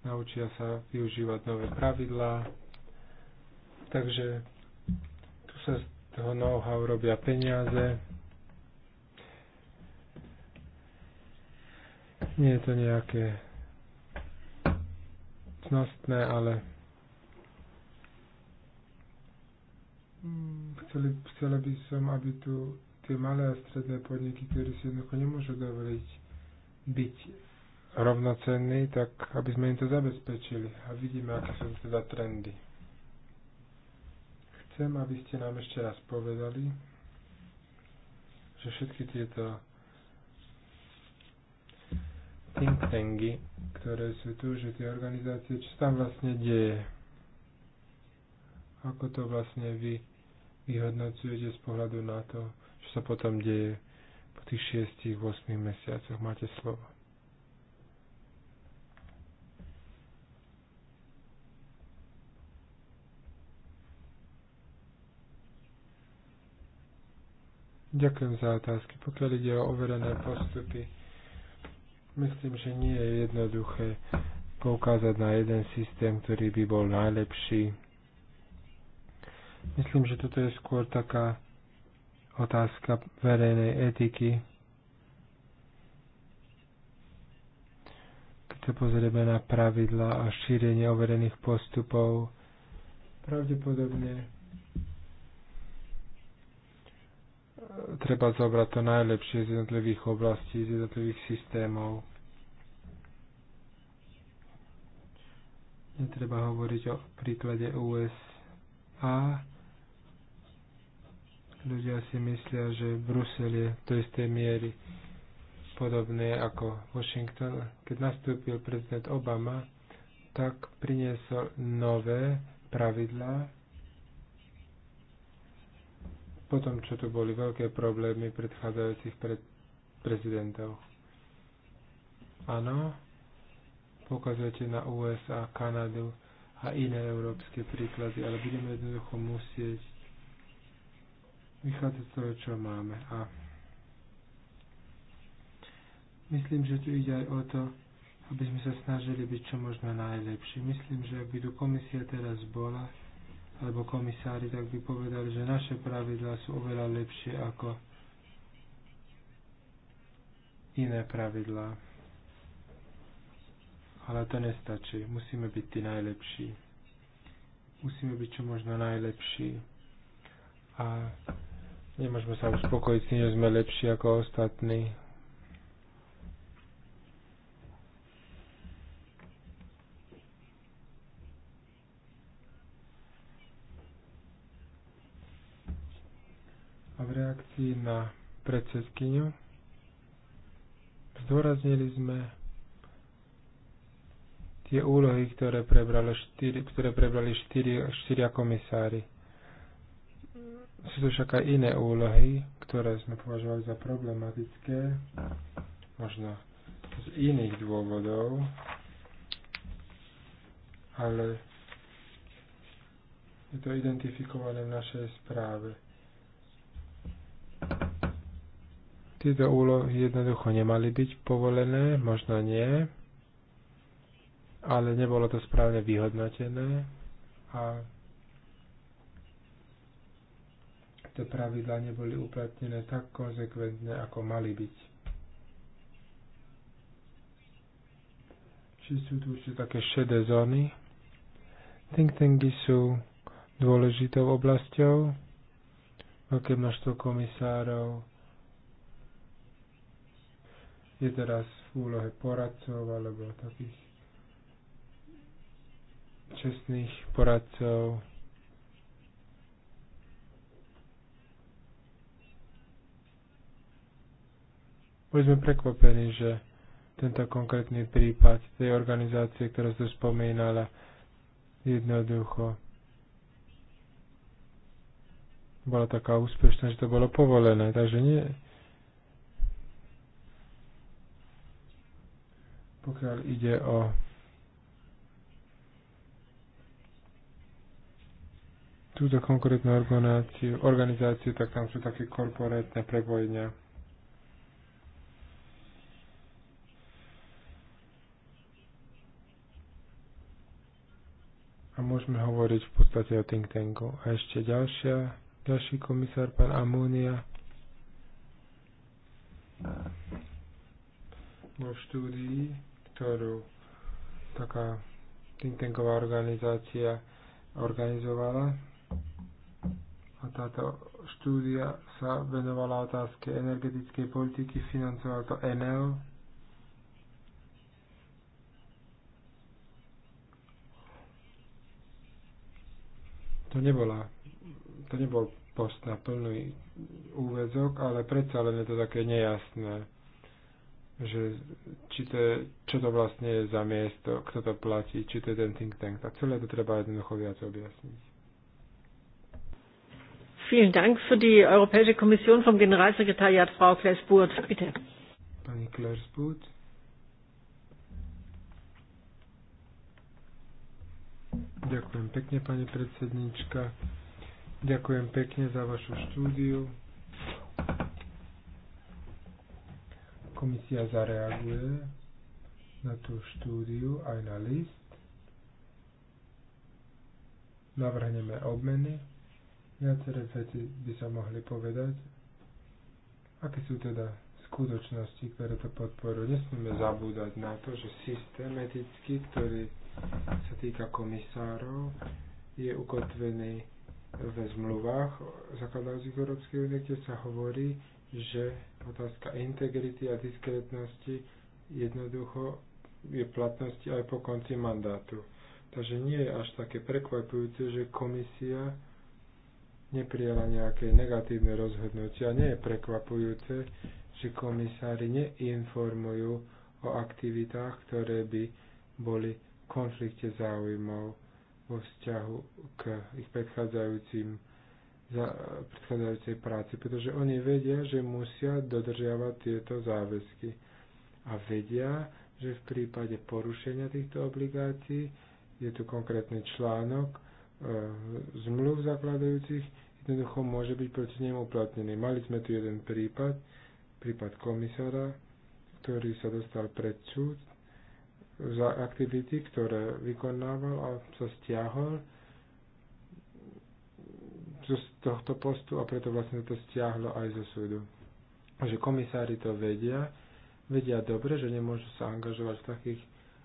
naučia sa využívať nové pravidlá, takže tu sa z toho know-how robia peniaze. Nie je to nejaké cnostné, ale chceli, chcela by som, aby tu tie malé a stredné podniky, ktoré si jednoducho nemôžu dovoliť byť rovnocenný, tak aby sme im to zabezpečili. A vidíme, aké sú teda trendy. Chcem, aby ste nám ešte raz povedali, že všetky tieto think tanky, ktoré sú tu, že tie organizácie, čo tam vlastne deje ako to vlastne vy vyhodnocujete z pohľadu na to, čo sa potom deje po tých 6-8 mesiacoch? Máte slovo. Ďakujem za otázky. Pokiaľ ide o overené postupy, myslím, že nie je jednoduché poukázať na jeden systém, ktorý by bol najlepší Myslím, že toto je skôr taká otázka verejnej etiky. Keď sa pozrieme na pravidla a šírenie overených postupov, pravdepodobne e, treba zobrať to najlepšie z jednotlivých oblastí, z jednotlivých systémov. Netreba hovoriť o príklade USA, Ľudia si myslia, že Brusel je do istej miery podobné ako Washington. Keď nastúpil prezident Obama, tak priniesol nové pravidlá. Potom, čo tu boli veľké problémy predchádzajúcich pred prezidentov. Áno, pokazujete na USA, Kanadu a iné európske príklady, ale budeme jednoducho musieť vychádzať z toho, čo máme. A myslím, že tu ide aj o to, aby sme sa snažili byť čo možno najlepší. Myslím, že ak by tu komisia teraz bola, alebo komisári, tak by povedali, že naše pravidlá sú oveľa lepšie ako iné pravidlá. Ale to nestačí. Musíme byť tí najlepší. Musíme byť čo možno najlepší. A Nemôžeme sa uspokojiť s tým, že sme lepší ako ostatní. A v reakcii na predsedkyňu zdôraznili sme tie úlohy, ktoré, prebralo štyri, ktoré prebrali štyria štyri komisári. Sú tu však aj iné úlohy, ktoré sme považovali za problematické, možno z iných dôvodov, ale je to identifikované v našej správe. Tieto úlohy jednoducho nemali byť povolené, možno nie, ale nebolo to správne vyhodnotené a tieto pravidla neboli uplatnené tak konzekventne, ako mali byť. Či sú tu ešte také šedé zóny? Think tanky sú dôležitou oblasťou. Veľké množstvo komisárov je teraz v úlohe poradcov alebo takých čestných poradcov Boli sme prekvapení, že tento konkrétny prípad tej organizácie, ktorá sa spomínala, jednoducho bola taká úspešná, že to bolo povolené. Takže nie. Pokiaľ ide o túto konkrétnu organizáciu, organizáciu, tak tam sú také korporátne prepojenia. môžeme hovoriť v podstate o think tanku. A ešte ďalšia, ďalší komisár, pán Amónia. Vo štúdii, ktorú taká think tanková organizácia organizovala. A táto štúdia sa venovala otázke energetickej politiky, financoval to Enel, To, nebola, to nebol post na plný úvezok, ale predsa len je to také nejasné, že či to je, čo to vlastne je za miesto, kto to platí, či to je ten think tank. A celé to treba jednoducho viac objasniť. Vielen Dank für die Europäische Kommission vom Generalsekretariat Frau Klesburt. Bitte. Pani Klesburt. Ďakujem pekne, pani predsednička. Ďakujem pekne za vašu štúdiu. Komisia zareaguje na tú štúdiu aj na list. Navrhneme obmeny. Viaceré veci by sa mohli povedať. Aké sú teda skutočnosti, ktoré to podporujú? Nesmieme zabúdať na to, že systematicky, ktorý sa týka komisárov, je ukotvený ve zmluvách zakladajúcich Európskej únie, kde sa hovorí, že otázka integrity a diskrétnosti jednoducho je platnosti aj po konci mandátu. Takže nie je až také prekvapujúce, že komisia neprijala nejaké negatívne rozhodnutia. Nie je prekvapujúce, že komisári neinformujú o aktivitách, ktoré by boli konflikte záujmov vo vzťahu k ich predchádzajúcim za predchádzajúcej práci, pretože oni vedia, že musia dodržiavať tieto záväzky a vedia, že v prípade porušenia týchto obligácií je tu konkrétny článok e, zmluv zakladajúcich, jednoducho môže byť proti nemu uplatnený. Mali sme tu jeden prípad, prípad komisára, ktorý sa dostal pred súd za aktivity, ktoré vykonával a sa stiahol z tohto postu a preto vlastne to stiahlo aj zo súdu. Že komisári to vedia, vedia dobre, že nemôžu sa angažovať v takých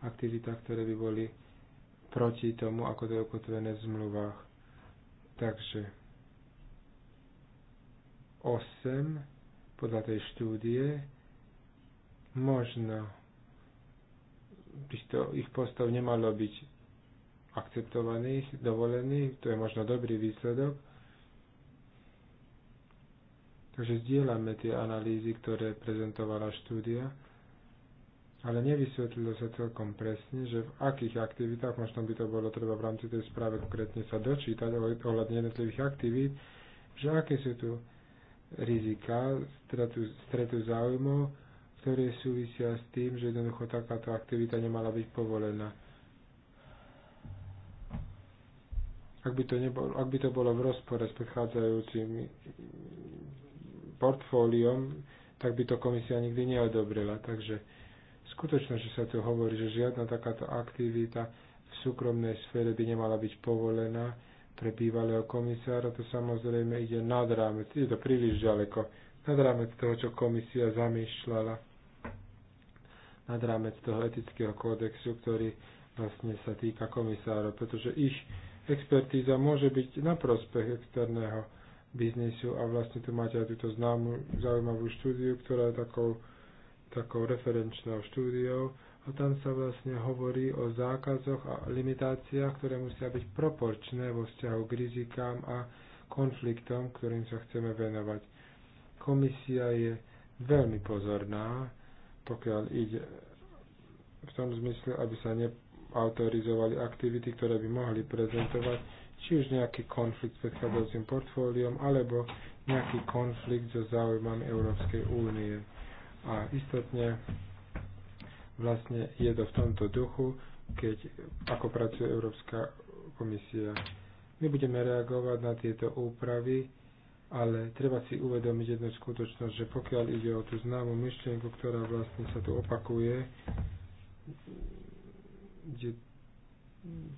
aktivitách, ktoré by boli proti tomu, ako to je ukotvené v zmluvách. Takže 8 podľa tej štúdie možno týchto ich postav nemalo byť akceptovaných, dovolených, to je možno dobrý výsledok. Takže zdieľame tie analýzy, ktoré prezentovala štúdia, ale nevysvetlilo sa celkom presne, že v akých aktivitách, možno by to bolo treba v rámci tej správy konkrétne sa dočítať ohľadne jednotlivých aktivít, že aké sú tu rizika stretu, stretu záujmov, ktoré súvisia s tým, že jednoducho takáto aktivita nemala byť povolená. Ak by to, nebolo, ak by to bolo v rozpore s predchádzajúcim portfóliom, tak by to komisia nikdy neodobrila. Takže skutočne, že sa tu hovorí, že žiadna takáto aktivita v súkromnej sfére by nemala byť povolená pre bývalého komisára, to samozrejme ide nad rámec, je to príliš ďaleko, nad rámec toho, čo komisia zamýšľala nad rámec toho etického kódexu, ktorý vlastne sa týka komisárov, pretože ich expertíza môže byť na prospech externého biznisu a vlastne tu máte aj túto známu, zaujímavú štúdiu, ktorá je takou, takou referenčnou štúdiou a tam sa vlastne hovorí o zákazoch a limitáciách, ktoré musia byť proporčné vo vzťahu k rizikám a konfliktom, ktorým sa chceme venovať. Komisia je veľmi pozorná pokiaľ ide v tom zmysle, aby sa neautorizovali aktivity, ktoré by mohli prezentovať či už nejaký konflikt s predchádzajúcim portfóliom, alebo nejaký konflikt so záujmami Európskej únie. A istotne vlastne je to v tomto duchu, keď ako pracuje Európska komisia. My budeme reagovať na tieto úpravy ale treba si uvedomiť jednu skutočnosť, že pokiaľ ide o tú známu myšlienku, ktorá vlastne sa tu opakuje, kde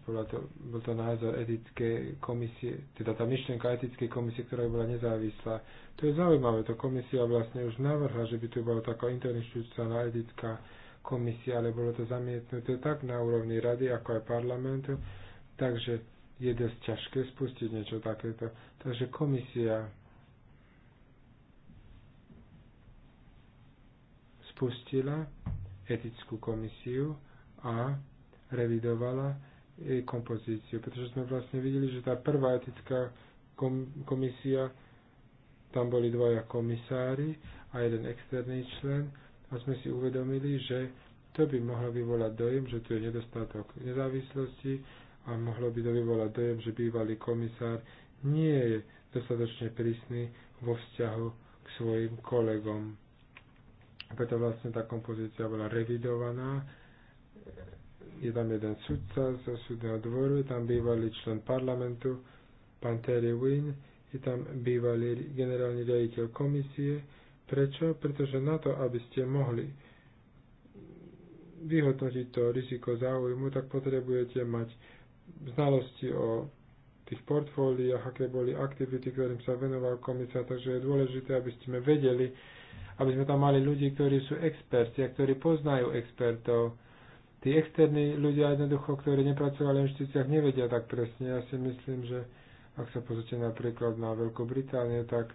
bola to, bol to názor etické komisie, teda tá myšlienka etickej komisie, ktorá bola nezávislá. To je zaujímavé, to komisia vlastne už navrhla, že by tu bola taká interinstitucionálna etická komisia, ale bolo to zamietnuté tak na úrovni rady, ako aj parlamentu, takže je dosť ťažké spustiť niečo takéto. Takže komisia spustila etickú komisiu a revidovala jej kompozíciu, pretože sme vlastne videli, že tá prvá etická komisia, tam boli dvoja komisári a jeden externý člen a sme si uvedomili, že to by mohlo vyvolať dojem, že tu je nedostatok nezávislosti a mohlo by to vyvolať dojem, že bývalý komisár nie je dostatočne prísny vo vzťahu k svojim kolegom. Preto vlastne tá kompozícia bola revidovaná. Je tam jeden sudca zo súdneho dvoru, je tam bývalý člen parlamentu, pán Terry Wynne, je tam bývalý generálny riaditeľ komisie. Prečo? Pretože na to, aby ste mohli vyhodnotiť to riziko záujmu, tak potrebujete mať znalosti o tých portfóliách, aké boli aktivity, ktorým sa venoval komisár, takže je dôležité, aby sme vedeli, aby sme tam mali ľudí, ktorí sú experti a ktorí poznajú expertov. Tí externí ľudia jednoducho, ktorí nepracovali v inštitúciách, nevedia tak presne. Ja si myslím, že ak sa pozrite napríklad na Veľkú Britániu, tak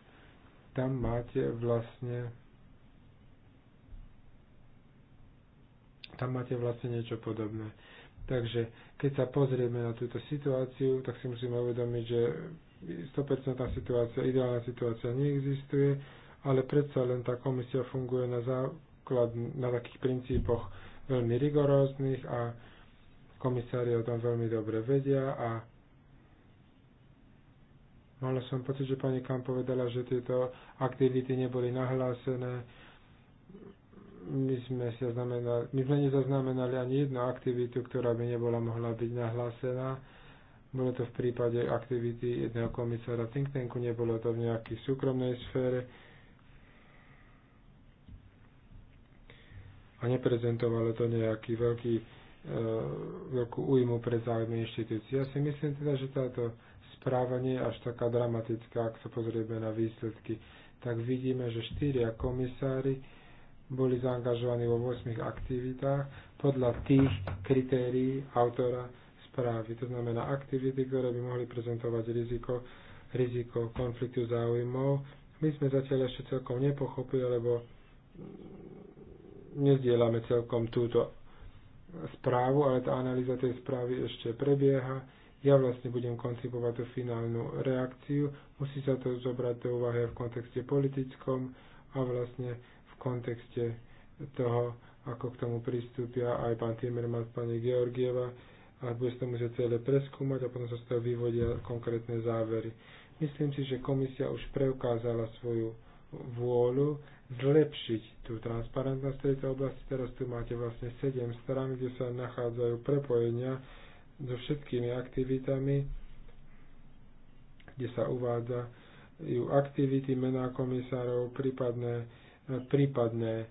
tam máte vlastne tam máte vlastne niečo podobné. Takže keď sa pozrieme na túto situáciu, tak si musíme uvedomiť, že 100% situácia, ideálna situácia neexistuje, ale predsa len tá komisia funguje na základ, na takých princípoch veľmi rigoróznych a komisári o tom veľmi dobre vedia a mala som pocit, že pani Kam povedala, že tieto aktivity neboli nahlásené, my sme, sa znamenali, my sme nezaznamenali ani jednu aktivitu, ktorá by nebola mohla byť nahlásená. Bolo to v prípade aktivity jedného komisára think tanku, nebolo to v nejakej súkromnej sfére a neprezentovalo to nejaký veľký, e, veľkú újmu pre záujmy inštitúcií. Ja si myslím teda, že táto správa nie je až taká dramatická, ak sa pozrieme na výsledky. Tak vidíme, že štyria komisári boli zaangažovaní vo 8 aktivitách podľa tých kritérií autora správy. To znamená aktivity, ktoré by mohli prezentovať riziko, riziko konfliktu záujmov. My sme zatiaľ ešte celkom nepochopili, lebo nezdielame celkom túto správu, ale tá analýza tej správy ešte prebieha. Ja vlastne budem koncipovať tú finálnu reakciu. Musí sa to zobrať do úvahy v kontexte politickom a vlastne kontexte toho, ako k tomu pristúpia aj pán Timmermans, pani Georgieva a bude sa to musieť celé preskúmať a potom sa z toho vyvodia konkrétne závery. Myslím si, že komisia už preukázala svoju vôľu zlepšiť tú transparentnosť tejto oblasti. Teraz tu máte vlastne 7 strán, kde sa nachádzajú prepojenia so všetkými aktivitami, kde sa uvádza aktivity, mená komisárov, prípadné prípadné e,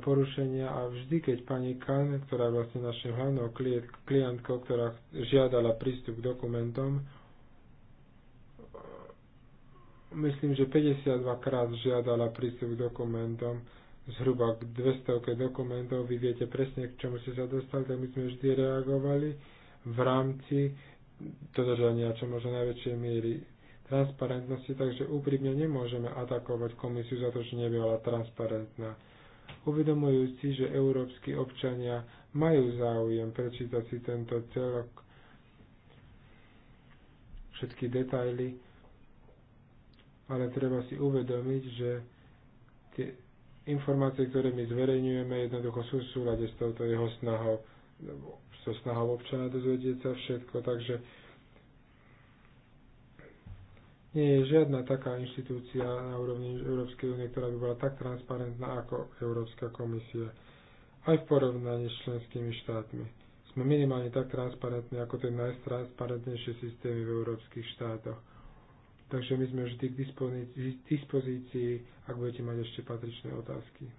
porušenia a vždy, keď pani Kan, ktorá je vlastne našou hlavnou klientkou, ktorá žiadala prístup k dokumentom, e, myslím, že 52 krát žiadala prístup k dokumentom, zhruba k 200 dokumentov, vy viete presne, k čomu ste sa dostali, tak my sme vždy reagovali v rámci dodržania teda, čo možno najväčšej miery transparentnosti, takže úprimne nemôžeme atakovať komisiu za to, že nebola transparentná. Uvedomujúci, si, že európsky občania majú záujem prečítať si tento celok, všetky detaily, ale treba si uvedomiť, že tie informácie, ktoré my zverejňujeme, jednoducho sú v súlade s touto jeho snahou, so snahou občana dozvedieť sa všetko, takže nie je žiadna taká inštitúcia na úrovni Európskej únie, ktorá by bola tak transparentná ako Európska komisia, aj v porovnaní s členskými štátmi. Sme minimálne tak transparentní ako tie najtransparentnejšie systémy v európskych štátoch. Takže my sme vždy k dispozícii, ak budete mať ešte patričné otázky.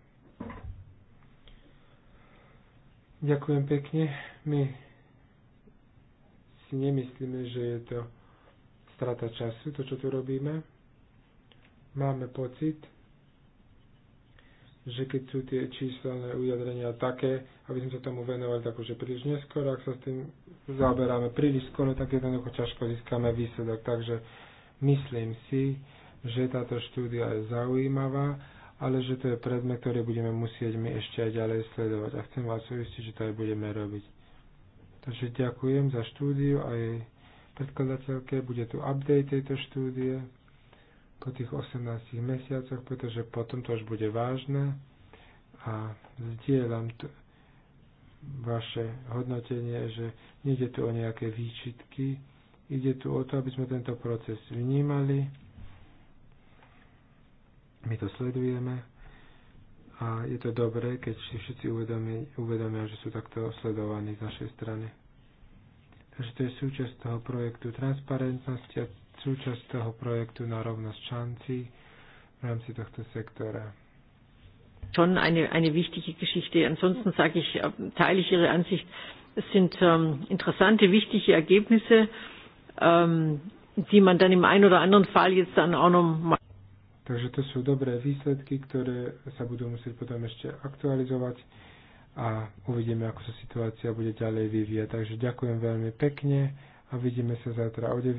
Ďakujem pekne. My si nemyslíme, že je to strata času, to čo tu robíme. Máme pocit, že keď sú tie číselné ujadrenia také, aby sme sa tomu venovali tak už je príliš neskoro, ak sa s tým zaoberáme príliš skoro, tak jednoducho ťažko získame výsledok. Takže myslím si, že táto štúdia je zaujímavá, ale že to je predmet, ktorý budeme musieť my ešte aj ďalej sledovať. A chcem vás uistiť, že to aj budeme robiť. Takže ďakujem za štúdiu a jej predkladateľke, bude tu update tejto štúdie po tých 18 mesiacoch, pretože potom to už bude vážne a zdieľam t- vaše hodnotenie, že nejde tu o nejaké výčitky, ide tu o to, aby sme tento proces vnímali, my to sledujeme a je to dobré, keď si všetci uvedomia, uvedomia že sú takto sledovaní z našej strany. Takže to je súčasť toho projektu transparentnosti a súčasť toho projektu na rovnosť šanci v rámci tohto sektora. Schon eine, eine wichtige Geschichte. Ansonsten sage ich, äh, teile ich Ihre Ansicht. Es sind ähm, interessante, wichtige Ergebnisse, ähm, die man dann im einen oder anderen Fall jetzt dann auch noch mal Takže to sú dobré výsledky, ktoré sa budú musieť potom ešte aktualizovať a uvidíme, ako sa situácia bude ďalej vyvíjať. Takže ďakujem veľmi pekne a vidíme sa zajtra o 9.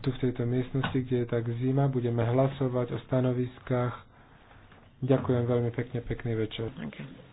Tu v tejto miestnosti, kde je tak zima, budeme hlasovať o stanoviskách. Ďakujem veľmi pekne, pekný večer. Okay.